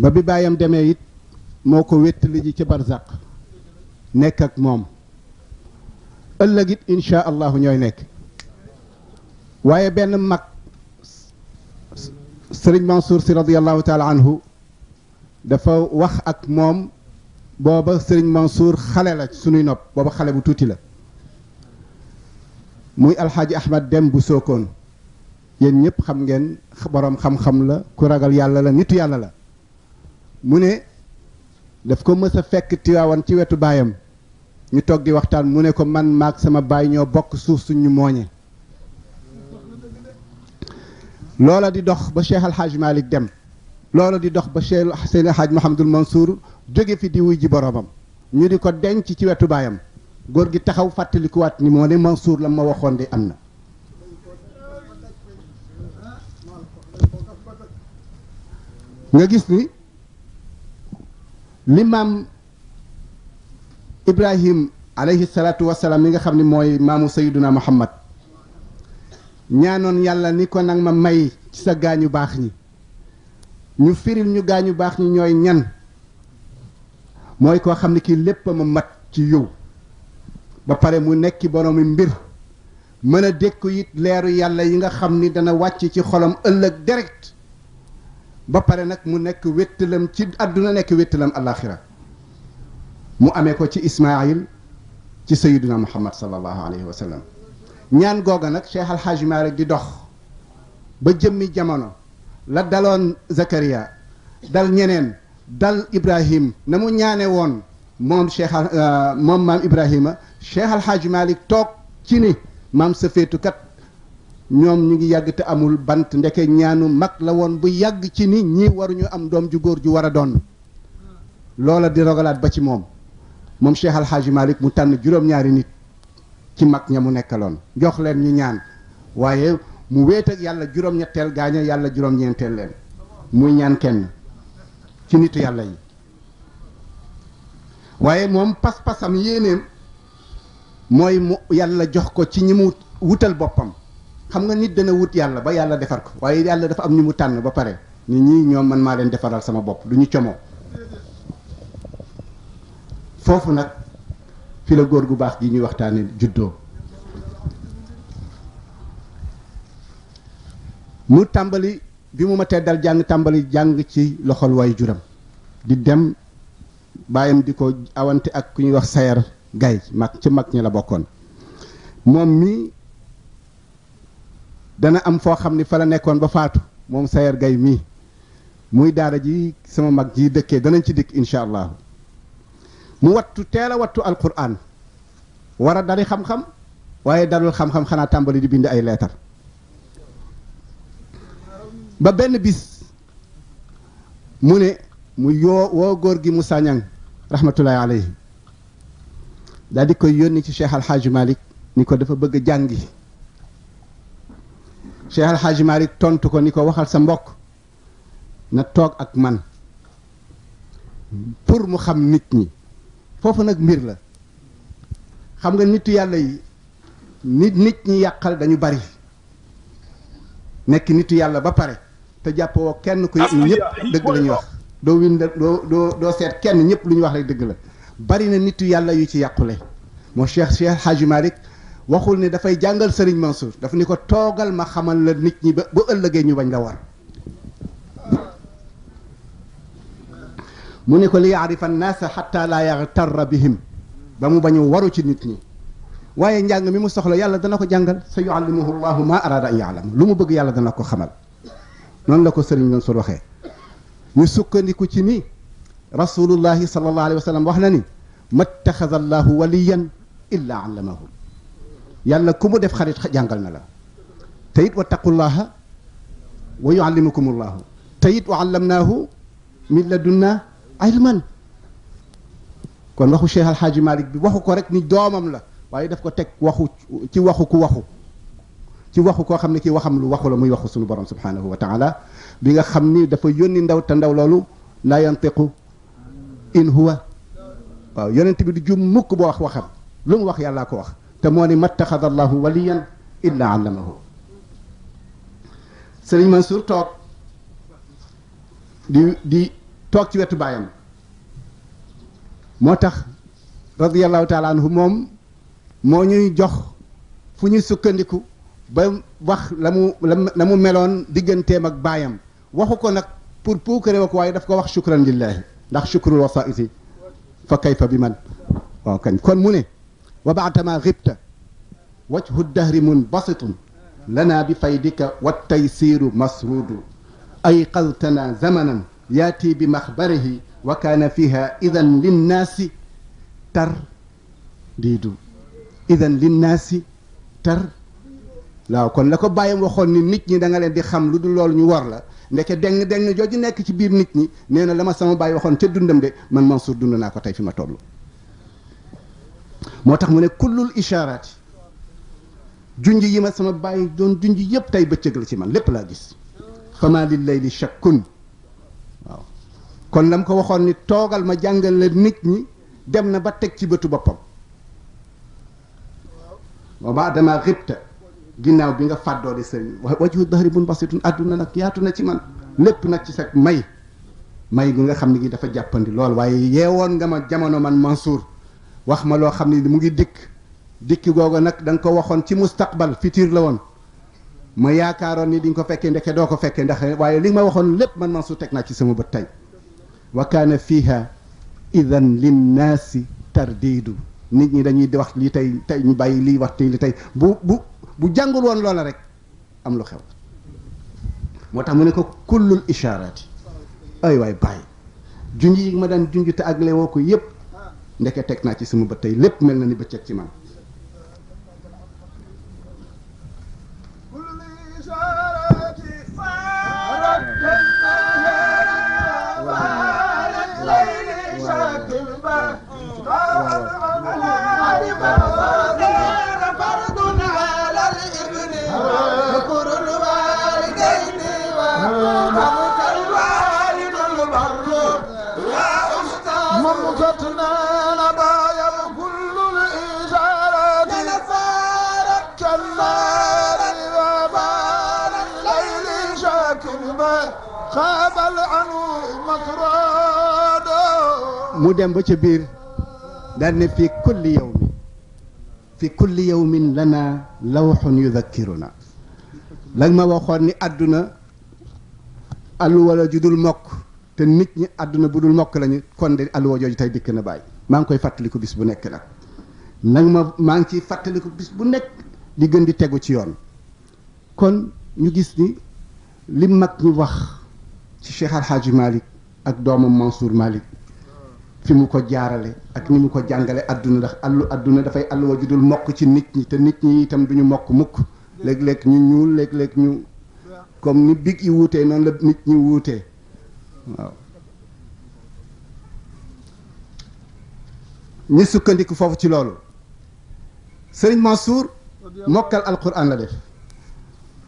ba bi baayam demee it moo ko wéttali ji ci barzaq nekk ak moom ëllëg it insha allahu ñooy nekk waaye benn mag sëriñ Mansour si radiallahu taala anhu dafa wax ak moom booba sëriñ Mansour xale la sunuy nopp booba xale bu tuuti la muy alxaaji Ahmad Dem bu Sookoon yéen ñëpp xam ngeen boroom xam-xam la ku ragal yàlla la nitu yàlla la mu ne daf ko mës a fekk tiwaawan ci wetu baayam ñu toog waxtaan mu ne ko man maak sama baay ñoo bokk suuf suñu mooñe loola di dox ba Cheikh Al Hadj Malick dem loola di dox ba Cheikh Seydi Hadj Mouhamadul Mansour jóge fi di wuy ji boromam ñu di ko denc ci wetu baayam góor gi taxaw fàttalikuwaat ni moo ne Mansour la ma waxoon di am na nga gis ni limaam Ibrahim alayhi salaatu wasalaam mi nga xam ni mooy maamu Sayyiduna Muhammad ñaanoon yàlla ni ko nag ma may ci sa gaañu baax ñi ñu firil ñu gaañu baax ñi ñooy ñan mooy ko xam ne kii lépp ma mat ci yow ba pare mu nekk boroomi mbir mën a dékku it leeru yàlla yi nga xam ni dana wàcc ci xolam ëllëg direct ba pare nag mu nekk wéttalam ci àdduna nekk wéttalam alaaxira mu amee ko ci Ismaayil ci sayyiduna Muhammad sallallahu alayhi wa ñaan googa nag Cheikh Al Hadj Malick di dox ba jëmmi jamono la daloon Zakaria dal ñeneen dal Ibrahim na mu ñaane woon moom Cheikh euh, moom maam Ibrahima Cheikh Al Hadj toog ci ni maam sa féetukat ñoom ñu ngi yàgg te amul bant ndeke ñaanu mag la woon bu yàgg ci ni ñi waruñu am doom ju góor ju war a doon loola di rogalaat ba ci moom moom Cheikh Al Hadj mu tànn juróom nit ci mag ña mu nekkaloon jox leen ñu ñaan waaye mu wéet yàlla juróom-ñetteel gaaña yàlla juróom-ñeenteel leen muy ñaan kenn ci nitu yàlla yi waaye moom pas-pasam yéeneem mooy mu yàlla jox ko ci ñi mu wutal boppam. xam nga nit dana wut yàlla ba yàlla defar ko waaye yàlla dafa am ñu mu tànn ba pare nit ñi ñoom man maa leen defaral sama bopp du ñu comoo foofu nag fi la góor gu baax gi ñuy waxtaane juddoo mu tàmbali bi mu ma teddal jàng tàmbali jàng ci loxol way juram di dem bàyyam di ko awante ak ku ñuy wax sayar gay mag ci mag ñi la bokkoon moom mi dana am foo xam ni fa la nekkoon ba faatu moom Sayer Gaye mii muy daara ji sama mag ji dëkkee danañ ci dikk incha allah mu wattu teela a wattu alquran war a dari xam-xam waaye darul xam-xam xanaa tàmbali di bind ay leetar ba benn bis mu ne mu yoo woo góor gi mu saañan rahmatullahi alayhi daal di koy yónni ci Cheikh Alhaji Malick ni ko dafa bëgg jàngi Cheikh El tontu ko ni ko waxal sa mbokk na toog ak man pour mu xam nit ñi foofu nag mbir la xam nga nitu yàlla yi nit nit ñi yàqal dañu bari nekk nitu yàlla ba pare te jàppoo kenn ku ah, ñëpp dëgg la ñuy wax doo wind doo doo seet kenn ñëpp lu ñu wax rek dëgg la bari na nitu yàlla yu ci yàqule moo Cheikh Cheikh El waxul ni dafay jàngal sëriñ Mansour daf ni ko toogal ma xamal la nit ñi ba bu ëllëgee ñu bañ la war mu ni ko li yaarifa nnaasa xatta laa yaxtarra bihim ba mu bañu waru ci nit ñi waaye njàng mi mu soxla yàlla dana ko jàngal sa yuallimuhu llahu ma araada an yaalam lu mu bëgg yàlla dana ko xamal noonu la ko Serigne Mansour waxee ñu sukkandiku ci ni rasulullahi sallallahu alayhi wa sallam wax na ni mattaxada allahu waliyan illa allamahu yàlla ku mu def xarit jàngal na la te it wa taqullaha wa yuallimukumullahu te it wa allamnaahu min ladunna ilman kon waxu Cheikh Al Hadj Malick bi waxu ko rek ni doomam la waaye daf ko teg waxu ci waxu ku waxu ci waxu koo xam ne kii waxam lu waxu la muy waxu sunu borom subhanahu wa taala bi nga xam ni dafa yónni ndaw te ndaw loolu la yantiqu in huwa waaw yonent bi du jum mukk boo wax waxam lu mu wax yàllaa ko wax te moo ni mattaxada allahu waliyan illa allamahu sëriñ Mansour toog di di toog ci wetu baayam moo tax radiallahu taala anhu moom moo ñuy jox fu ñuy sukkandiku ba wax la mu la mu meloon digganteem ak baayam waxu ko nag pour puukare wa ko waaye daf ko wax shukran lillahi ndax shukrul wasaiti fa kayfa bi man waaw kañ kon mu ne wa baatama xibta wajhu dahri munbasitun lana bi wa faydika wattaysiiru masruudu ayqaztana zamanan yaati bi maxbarihi wa kaana fiha idan linnaasi tar diidu idan linnaasi tar waaw kon la ko bàyyam waxoon ni nit ñi da nga leen di xam lu dul loolu ñu war la ndeke deng deng jooju nekk ci biir nit ñi nee na la ma sama bàyyi waxoon ca dundam de man Mansour dund naa ko tey fi ma toll moo tax mu ne kullul ishaaraat junj yi ma sama bàyyi doon junj yëpp tey bëccëg la ci man lépp laa gis fama lil layli shakkun waaw kon lam ko waxoon ni toogal ma jàngal la nit ñi dem na ba teg ci bëtu boppam wa baadama xibta ginnaaw bi nga fàddoo de sëriñ wajhu dahri bun basitun àdduna nag yaatu na ci man lépp nag ci sa may may gi nga xam ne gi dafa jàppandi lool waaye yeewoon nga ma jamono man Mansour wax ma loo xam ne mu ngi dikk dikki googu nag da ko waxoon ci mustaqbal futur la woon ma yaakaaroon ni di ko fekkee ndeke doo ko fekkee ndax waaye li nga ma waxoon lépp man man su teg naa ci sama bët tey wa kaana fiiha idan linnaasi tardiidu nit ñi dañuy di wax lii tey tey ñu bàyyi lii wax tey li tey bu bu bu jàngul woon loola rek am lu xew moo tax mu ne ko kullul ishaaraati ay waay bàyyi junj yi ma daan junj te àggale woo ko yëpp ndeketeg naa ci sama ba tey lépp mel na ni bëccëg ci man mu dem ba ca biir daal ne fii kulli yawmin fii la waxoon lana lawxun na la ma waxoon ni àdduna alluwala ju dul mokk te nit ñi àdduna bu dul mokk lañu kon de alluwa jooju tey dikk na bàyyi maa ngi koy fàttaliku bis bu nekk nag nag maa ngi ciy fàttaliku bis bu nekk di gën di tegu ci yoon kon ñu gis ni li mag ñu wax ci Cheikh Al Hadj ak doomam Mansour malik fi mu ko jaarale ak ni mu ko jàngale àdduna ndax àllu àdduna dafay àll wa dul mokk ci nit ñi te nit ñi itam ñu mokk mukk léeg-léeg ñu ñuul léeg-léeg ñu comme ni big yi wuutee noonu la nit ñi wuutee waaw ñu sukkandiku foofu ci loolu sëriñ Mansour mokkal alquran la def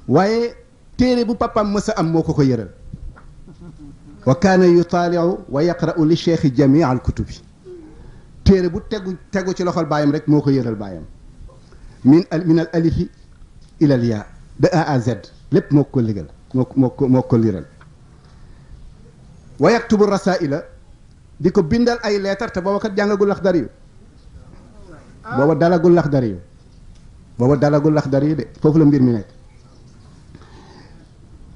waaye téere bu papam mës a am moo ko ko yëral wa kaana yutaaliu wa yaqra'u li cheikhi jamii al téere bu tegu tegu ci loxol baayam rek moo ko yëral baayam min al min al de A à lépp moo ko ligal moo ko liral wa yaktubu rasaila di ko bindal ay leetar te booba kat jàngagul laxdar booba dalagul laxdar yu booba dalagul laxdar de foofu la mbir mi nekk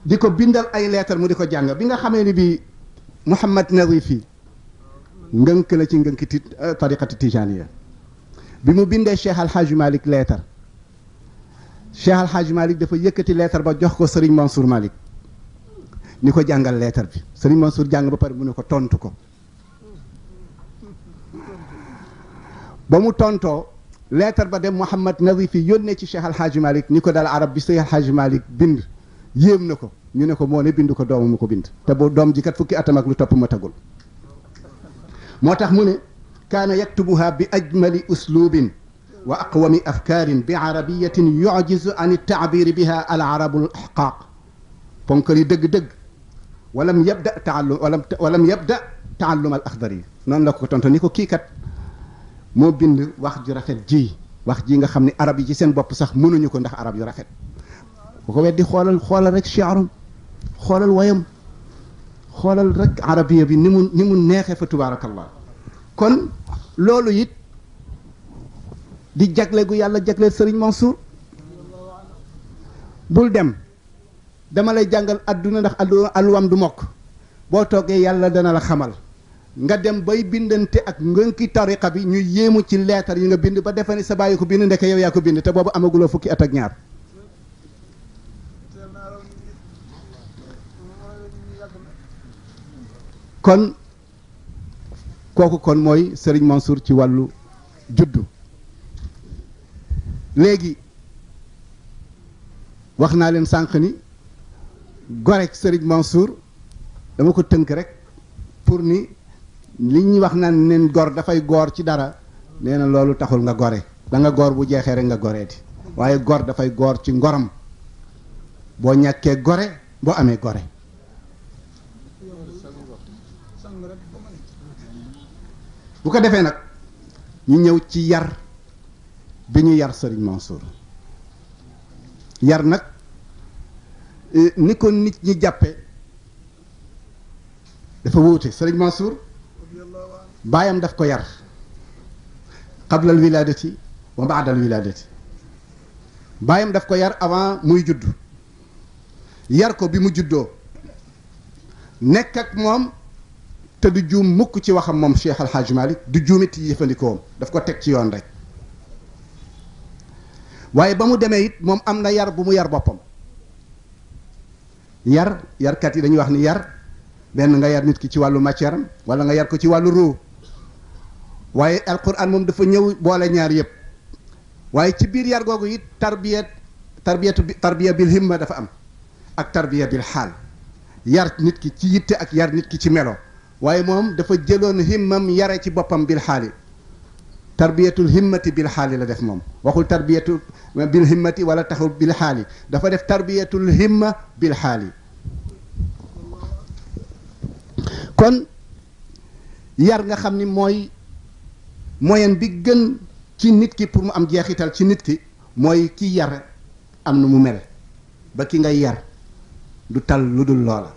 di ko bindal ay leetar mu di ko jàng bi nga xamee ni bi Mouhamad Nazifi ngënk la ci ngënki ti euh, tariqati tijaniya bi mu bindee Cheikh Al malik Malick leetar Cheikh Al Hadj dafa yëkkati leetar ba jox ko sëriñ Mansour Malick ni ko jàngal leetar bi sëriñ Mansour jàng ba pare mu ne ko tontu ko ba mu tontoo leetar ba dem Mouhamad Nazifi yónnee ci Cheikh Al Hadj Malick ni ko dal arab bi Cheikh Al Hadj bind. yéem na ko ñu ne ko moo ne bind ko doomam ko bind te bu doom ji kat fukki atam ak lu topp ma tagul moo tax mu ne kaana yaktubuha bi ajmali uslubin wa aqwami afkaarin bi arabiyatin yujizu an taabiri biha al arabu dëgg-dëgg walam yabda taallum walam walam yabda taallum al axdar yi ni ko kii kat moo bind wax ju rafet ji wax ji nga xam ne arab yi ci seen bopp sax mënuñu ko ndax arab yu rafet ku ko weddi xoolal xoolal rek chiaram xoolal wayam xoolal rek arabiya bi ni mu ni mu neexee fa tubaarakallah kon loolu it di jagle gu yàlla jagleel Serigne Mansour bul dem dama lay jàngal adduna ndax alluwam du mokk boo toogee yàlla dana la xamal nga dem bay bindante ak ngënki tariqa bi ñu yéemu ci leetar yi nga bind ba defe ni sa bàyyi ko bind ndeke yow yaa ko bind te boobu amaguloo fukki at ak ñaar kon kooku kon mooy Serigne Mansour ci wàllu juddu léegi wax naa leen sànq ni gorek Serigne Mansour dama ko tënk rek pour ni li wax naan neen gor dafay goor ci dara nee na loolu taxul nga gore da nga goor bu jeexee rek nga goreeti waaye gor dafay goor ci ngoram boo ñàkkee gore boo amee gore bu ko defee nag ñu ñëw ci yar bi ñu yar Serigne Mansour yar nag euh, ni ko nit ñi jàppe dafa wuute Serigne Mansour baayam daf ko yar qabla al wiladati wa baada al wiladati baayam daf ko yar avant muy juddu yar ko bi mu juddoo nekk ak moom te du juum mukk ci waxam moom Cheikh Al Hadj Malick du juumit yëfandikoom daf ko teg ci yoon rek waaye ba mu demee it moom am na yar bu mu yar boppam yar yarkat yi dañuy wax ni yar benn nga yar nit ki ci wàllu matière am wala nga yar ko ci wàllu ruu waaye alquran moom dafa ñëw boole ñaar yëpp waaye ci biir yar googu it tarbiyat tarbiyatu tarbiya bil himma dafa am ak tarbiya bil xaal yar nit ki ci yitte ak yar nit ki ci melo waaye moom dafa jëloon himmam yare ci boppam bil xaali tarbiyatul himmati bil xaali la def moom waxul tarbiyatu bil himmati wala taxul bil xaali dafa def tarbiyatul himma bil xaali kon yar nga xam ni mooy moyen bi gën ci nit ki pour mu am jeexital ci nit ki mooy ki yar am na mu mel ba ki ngay yar du tal lu dul loola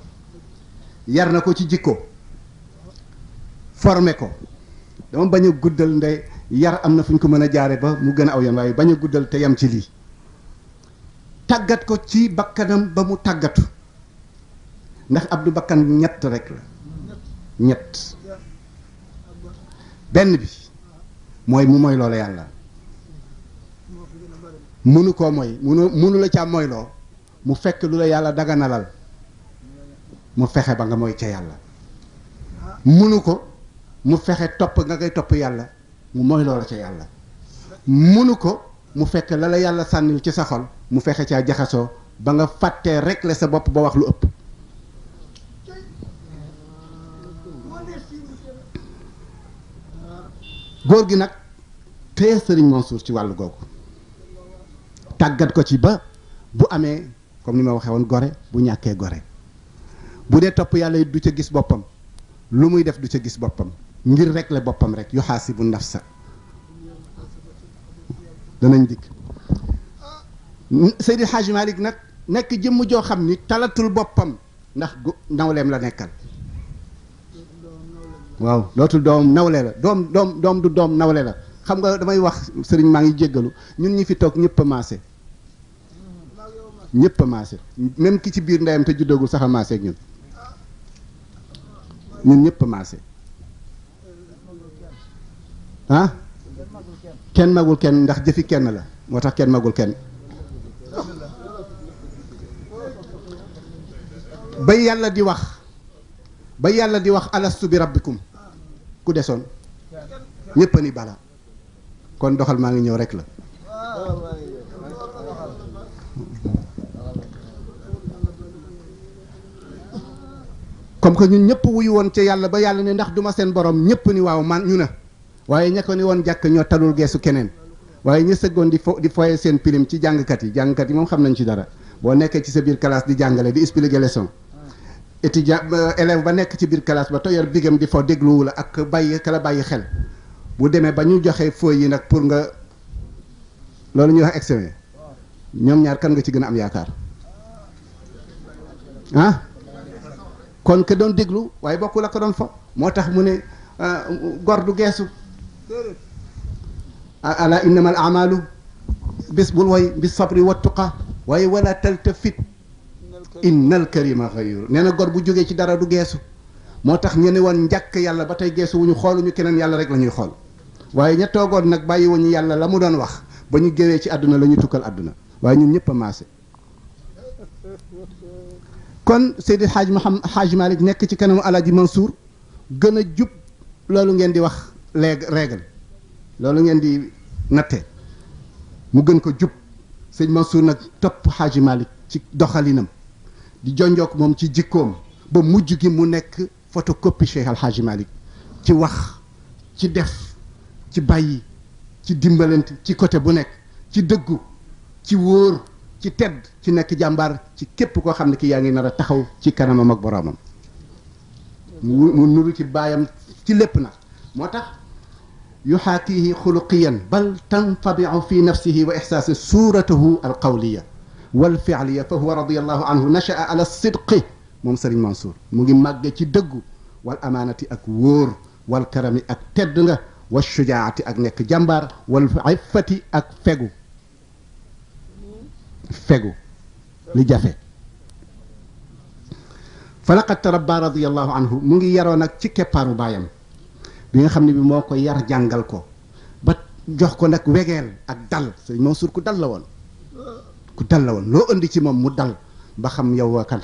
yar na ko ci jikko formé ko dama bañ a guddal ndey yar am na fu ñu ko mën a jaare ba mu gën a aw yoon waaye bañ a guddal te yam ci lii tàggat ko ci bakkanam ba mu tàggatu ndax Abdou bakkan ñett rek la ñett benn bi mooy mu mooy loola yàlla munu koo moy munu munu la caa moyloo mu fekk lu la yàlla daganalal mu fexe ba nga moy ca yàlla munu ko mu fexe topp nga ngay topp yàlla mu mooy loola ca yàlla munu ko mu fekk lala yàlla sànnil ci sa xol mu fexe caa jaxasoo ba nga fàttee rek la sa bopp ba wax lu ëpp góor gi nag téye sëriñ Mansour ci wàll googu tàggat ko ci ba bu amee comme ni ma waxee woon gore bu ñàkkee gore bu dee topp yàlla it du ca gis boppam lu muy def du ca gis boppam ngir régler boppam rek yu xaasibu sa danañ dikk Seydi Hadj Malick nag nekk jëmm joo xam ni talatul boppam ndax nawleem la nekkal waaw lootul doom nawle la doom doom du doom nawle la xam nga damay wax sëriñ maa ngi jéggalu ñun ñi fi toog ñëpp a maase ñëpp a maase même ki ci biir ndeyam te juddoogul sax a maase ak ñun ñun ñëpp a maase ah kenn magul kenn ndax jëfi kenn la moo tax kenn magul kenn ba yàlla di wax ba yàlla di wax alastu bi rabbikum ku desoon ñëpp ni bala kon doxal maa ngi ñëw rek la comme que ñu ñëpp wuyu woon ca yàlla ba yàlla ne ndax duma seen borom ñëpp ni waaw man ñu na waaye ña ko ni woon jàkk ñoo talul geesu keneen waaye ñu sëggoon di foo di foye seen pilim ci jàngkat yi jàngkat yi moom xam nañ ci dara boo nekkee ci sa biir classe di jàngale di expliquer leçon étudiant élève ba nekk ci biir classe ba toyor bigam di foo dégluwu la ak bàyyi kala bàyyi xel bu demee ba ñu joxee feuille yi nag pour nga loolu ñuy wax examen ñoom ñaar kan nga ci gën a am yaakaar ah kon ke doon déglu waaye bokkul ak ko doon fo moo tax mu ne euh, gor du geesu ala innama al amalu bis bul way bi sabri wa tuqa waaye wala taltafit innal karima xayru nee na gor bu jógee ci dara du geesu moo tax ñu ne woon njàkk yàlla ba tey geesu wu ñu xooluñu keneen yàlla rek la ñuy xool waaye ña toogoon nag bàyyi wuñu yàlla la mu doon wax ba ñu géwee ci àdduna la ñu tukkal àdduna waaye ñun ñëpp a maase kon Seydi Xaaj Muhammad Xaaj Malik nekk ci kanamu Alaaji Mansour gën a jub loolu ngeen di wax leeg reegal loolu ngeen di natte mu gën ko jub sëñ Mansour nag topp Xaaji ci doxalinam di jonjook moom ci jikkoom ba mujj gi mu nekk photocopie Cheikh Al Xaaji Malick ci wax ci def ci bàyyi ci dimbalante ci côté bu nekk ci dëggu ci wóor ci tedd ci nekk jàmbaar ci képp koo xam ne ki yaa ngi nar a taxaw ci kanamam ak boroomam mu nuru ci baayam ci lépp nag moo tax yuxaatihi xuluqiyan bal tantabiu fi nafsihi wa ixsaasi suuratahu alqawliya walfialiya fa huwa radiallahu anhu nachaa ala sidqi moom Serigne Mansour mu ngi màgg ci dëggu wal amaanati ak wóor wal karami ak tedd nga wal shujaati ak nekk jàmbaar wal iffati ak fegu fegu li jafe fa laqad tarabba radiallahu anhu mu ngi yaroo nag ci keppaaru baayam bi nga xam ne bi moo ko yar jàngal ko ba jox ko nag wegeel ak dal sëñ Mansour ku dal la woon ku dal la woon loo indi ci moom mu dal ba xam yow waa kan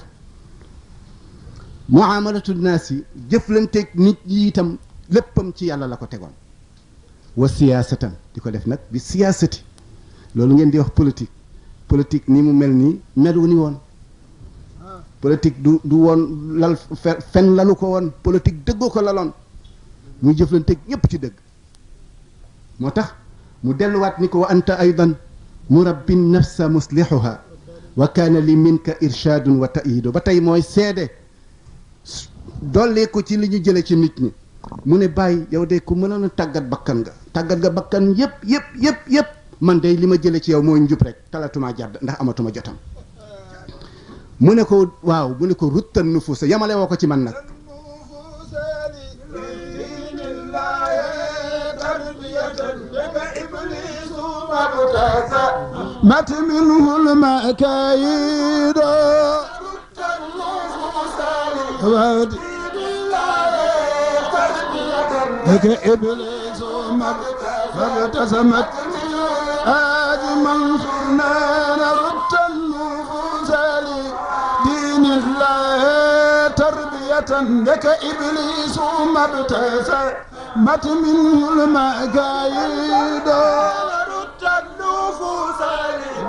muamalatu naas yi jëflanteeg nit yi itam léppam ci yàlla la ko tegoon wa siyaasatan di ko def nag bi siyaasati loolu ngeen di wax politique politique ni mu mel nii melu ni woon politique du du woon lal fen lalu ko woon politique dëggoo ko laloon muy jëflanteeg ñépp ci dëgg moo tax mu delluwaat ni ko wa anta aydan murabbin nafsa muslihuha wa li minka irshadun ba tey mooy seede dolli ko ci li ñu jële ci nit mu ne bàyyi yow de ku mënoon tàggat bakkan tàggat nga bakkan yëpp yëpp yëpp yëpp man de li ma jële ci yow mooy njub rek talatuma jàdd ndax amatuma jotam mu ne ko waaw mu ne ko ruttan nufuusa sa yamalewoo ko ci man nag مت منه المكايد كإبليس فابتسمت آدما فرنان ربت النفوس لدين الله تربية لك إبليس ما ابتسمت منه المكايد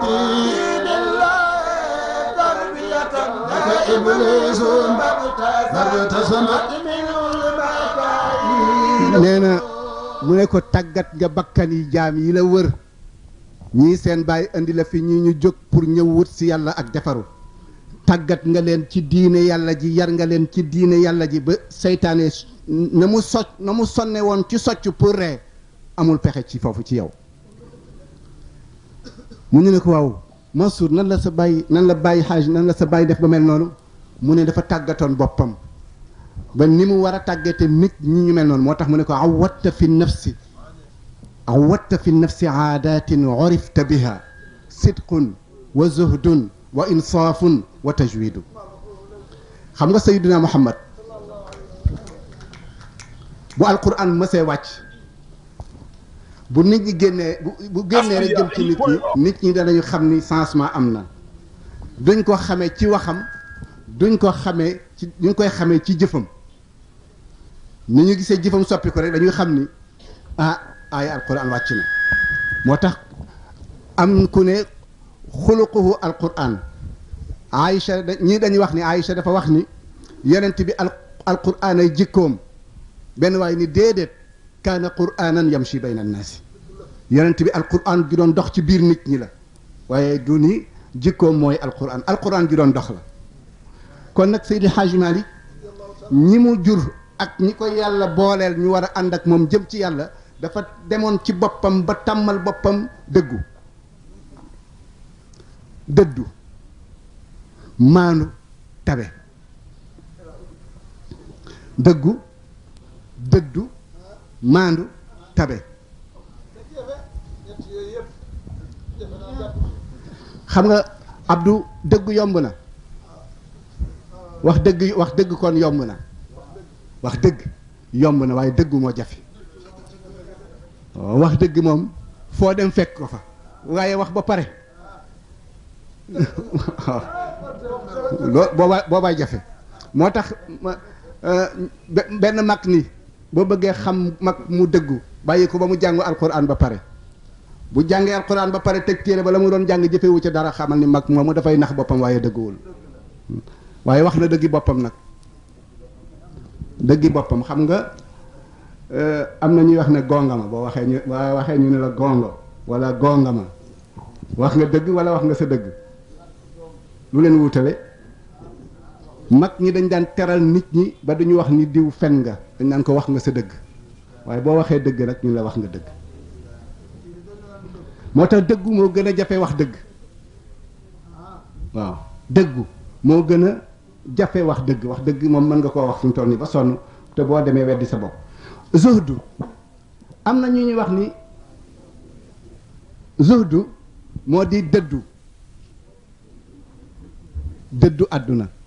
الدين لك nee na mu ne ko tàggat nga bakkan yi jaam yi la wër ñii seen bàyyi indi la fi ñu ñu jóg pour ñëw wut si yàlla ak defaru tàggat nga leen ci diine yàlla ji yar nga leen ci diine yàlla ji ba seytaane na mu socc na mu sonne woon ci socc pour ree amul pexe ci foofu ci yow mu ñu ne ko waaw Mansour nan la sa bàyyi nan la bàyyi xaalis nan la sa bàyyi def ba mel noonu mu ne dafa tàggatoon boppam ba ni mu war a tàggate nit ñi ñu mel noonu moo tax mu ne ko awatta fi nafsi awatta fi nafsi aadatin urifta biha sidqun wa zuhdun wa insaafun wa tajwidu xam nga sayyidina Muhammad bu alquran mësee wàcc bu nit ñi génnee bu bu génnee rek jëm ci nit ñi nit ñi danañu xam ni changement am na duñ ko xamee ci waxam duñ ko xamee ci duñ koy xamee ci jëfam ni ñu gisee jëfam soppi ko rek dañuy xam ni ah aaya alquran wàcc na moo tax am ku ne xuluquhu alquran Aïcha ñii dañuy wax ni Aïcha dafa wax ni yonent bi al alquran ay jikkoom benn waaye ni déedéet kaana quraanan yamshi bayna annaasi yonent bi alquran ju doon dox ci biir nit ñi la waaye du ni jikkoo mooy alquran alquran ju doon dox la kon nag Seydi Hadji Malick ñi mu jur ak ñi ko yàlla booleel ñu war a ànd ak moom jëm ci yàlla dafa demoon ci boppam ba tàmmal boppam dëggu dëddu maanu tabe dëggu dëddu maandu tabe xam nga Abdou dëgg yomb na wax dëgg wax dëgg kon yomb na wax dëgg yomb na waaye dëggu moo jafe wax dëgg moom foo dem fekk ko fa waaye wax ba pare loo boobaay boobaay jafe moo tax euh, benn mag ni boo bëggee xam mag mu dëggu bàyyi ko ba mu jàngu alquran ba pare bu jàngee alquran ba pare teg téere ba la mu doon jàng jëfewu ca dara xamal ni mag moomu dafay nax boppam waaye dëgguwul waaye wax na dëggi boppam nag dëggi boppam xam nga eh, am na ñuy wax ne gongama boo waxee ñu waaye waxee ñu ne la gongo wala gongama wax nga dëgg wala wax nga sa dëgg lu leen wutale mag ñi dañ daan teral nit ñi ba duñu wax ni diw fen nga dañ naan ko wax nga sa dëgg waaye boo waxee dëgg nag ñu la wax nga dëgg moo tax dëggu moo gën a jafe wax dëgg waaw dëggu moo gën a jafe wax dëgg wax dëgg moom mën nga koo wax fi mu toll nii ba sonn te boo demee weddi sa bopp zuhdu am na ñu ñuy wax ni zuhdu moo di dëddu dëddu àdduna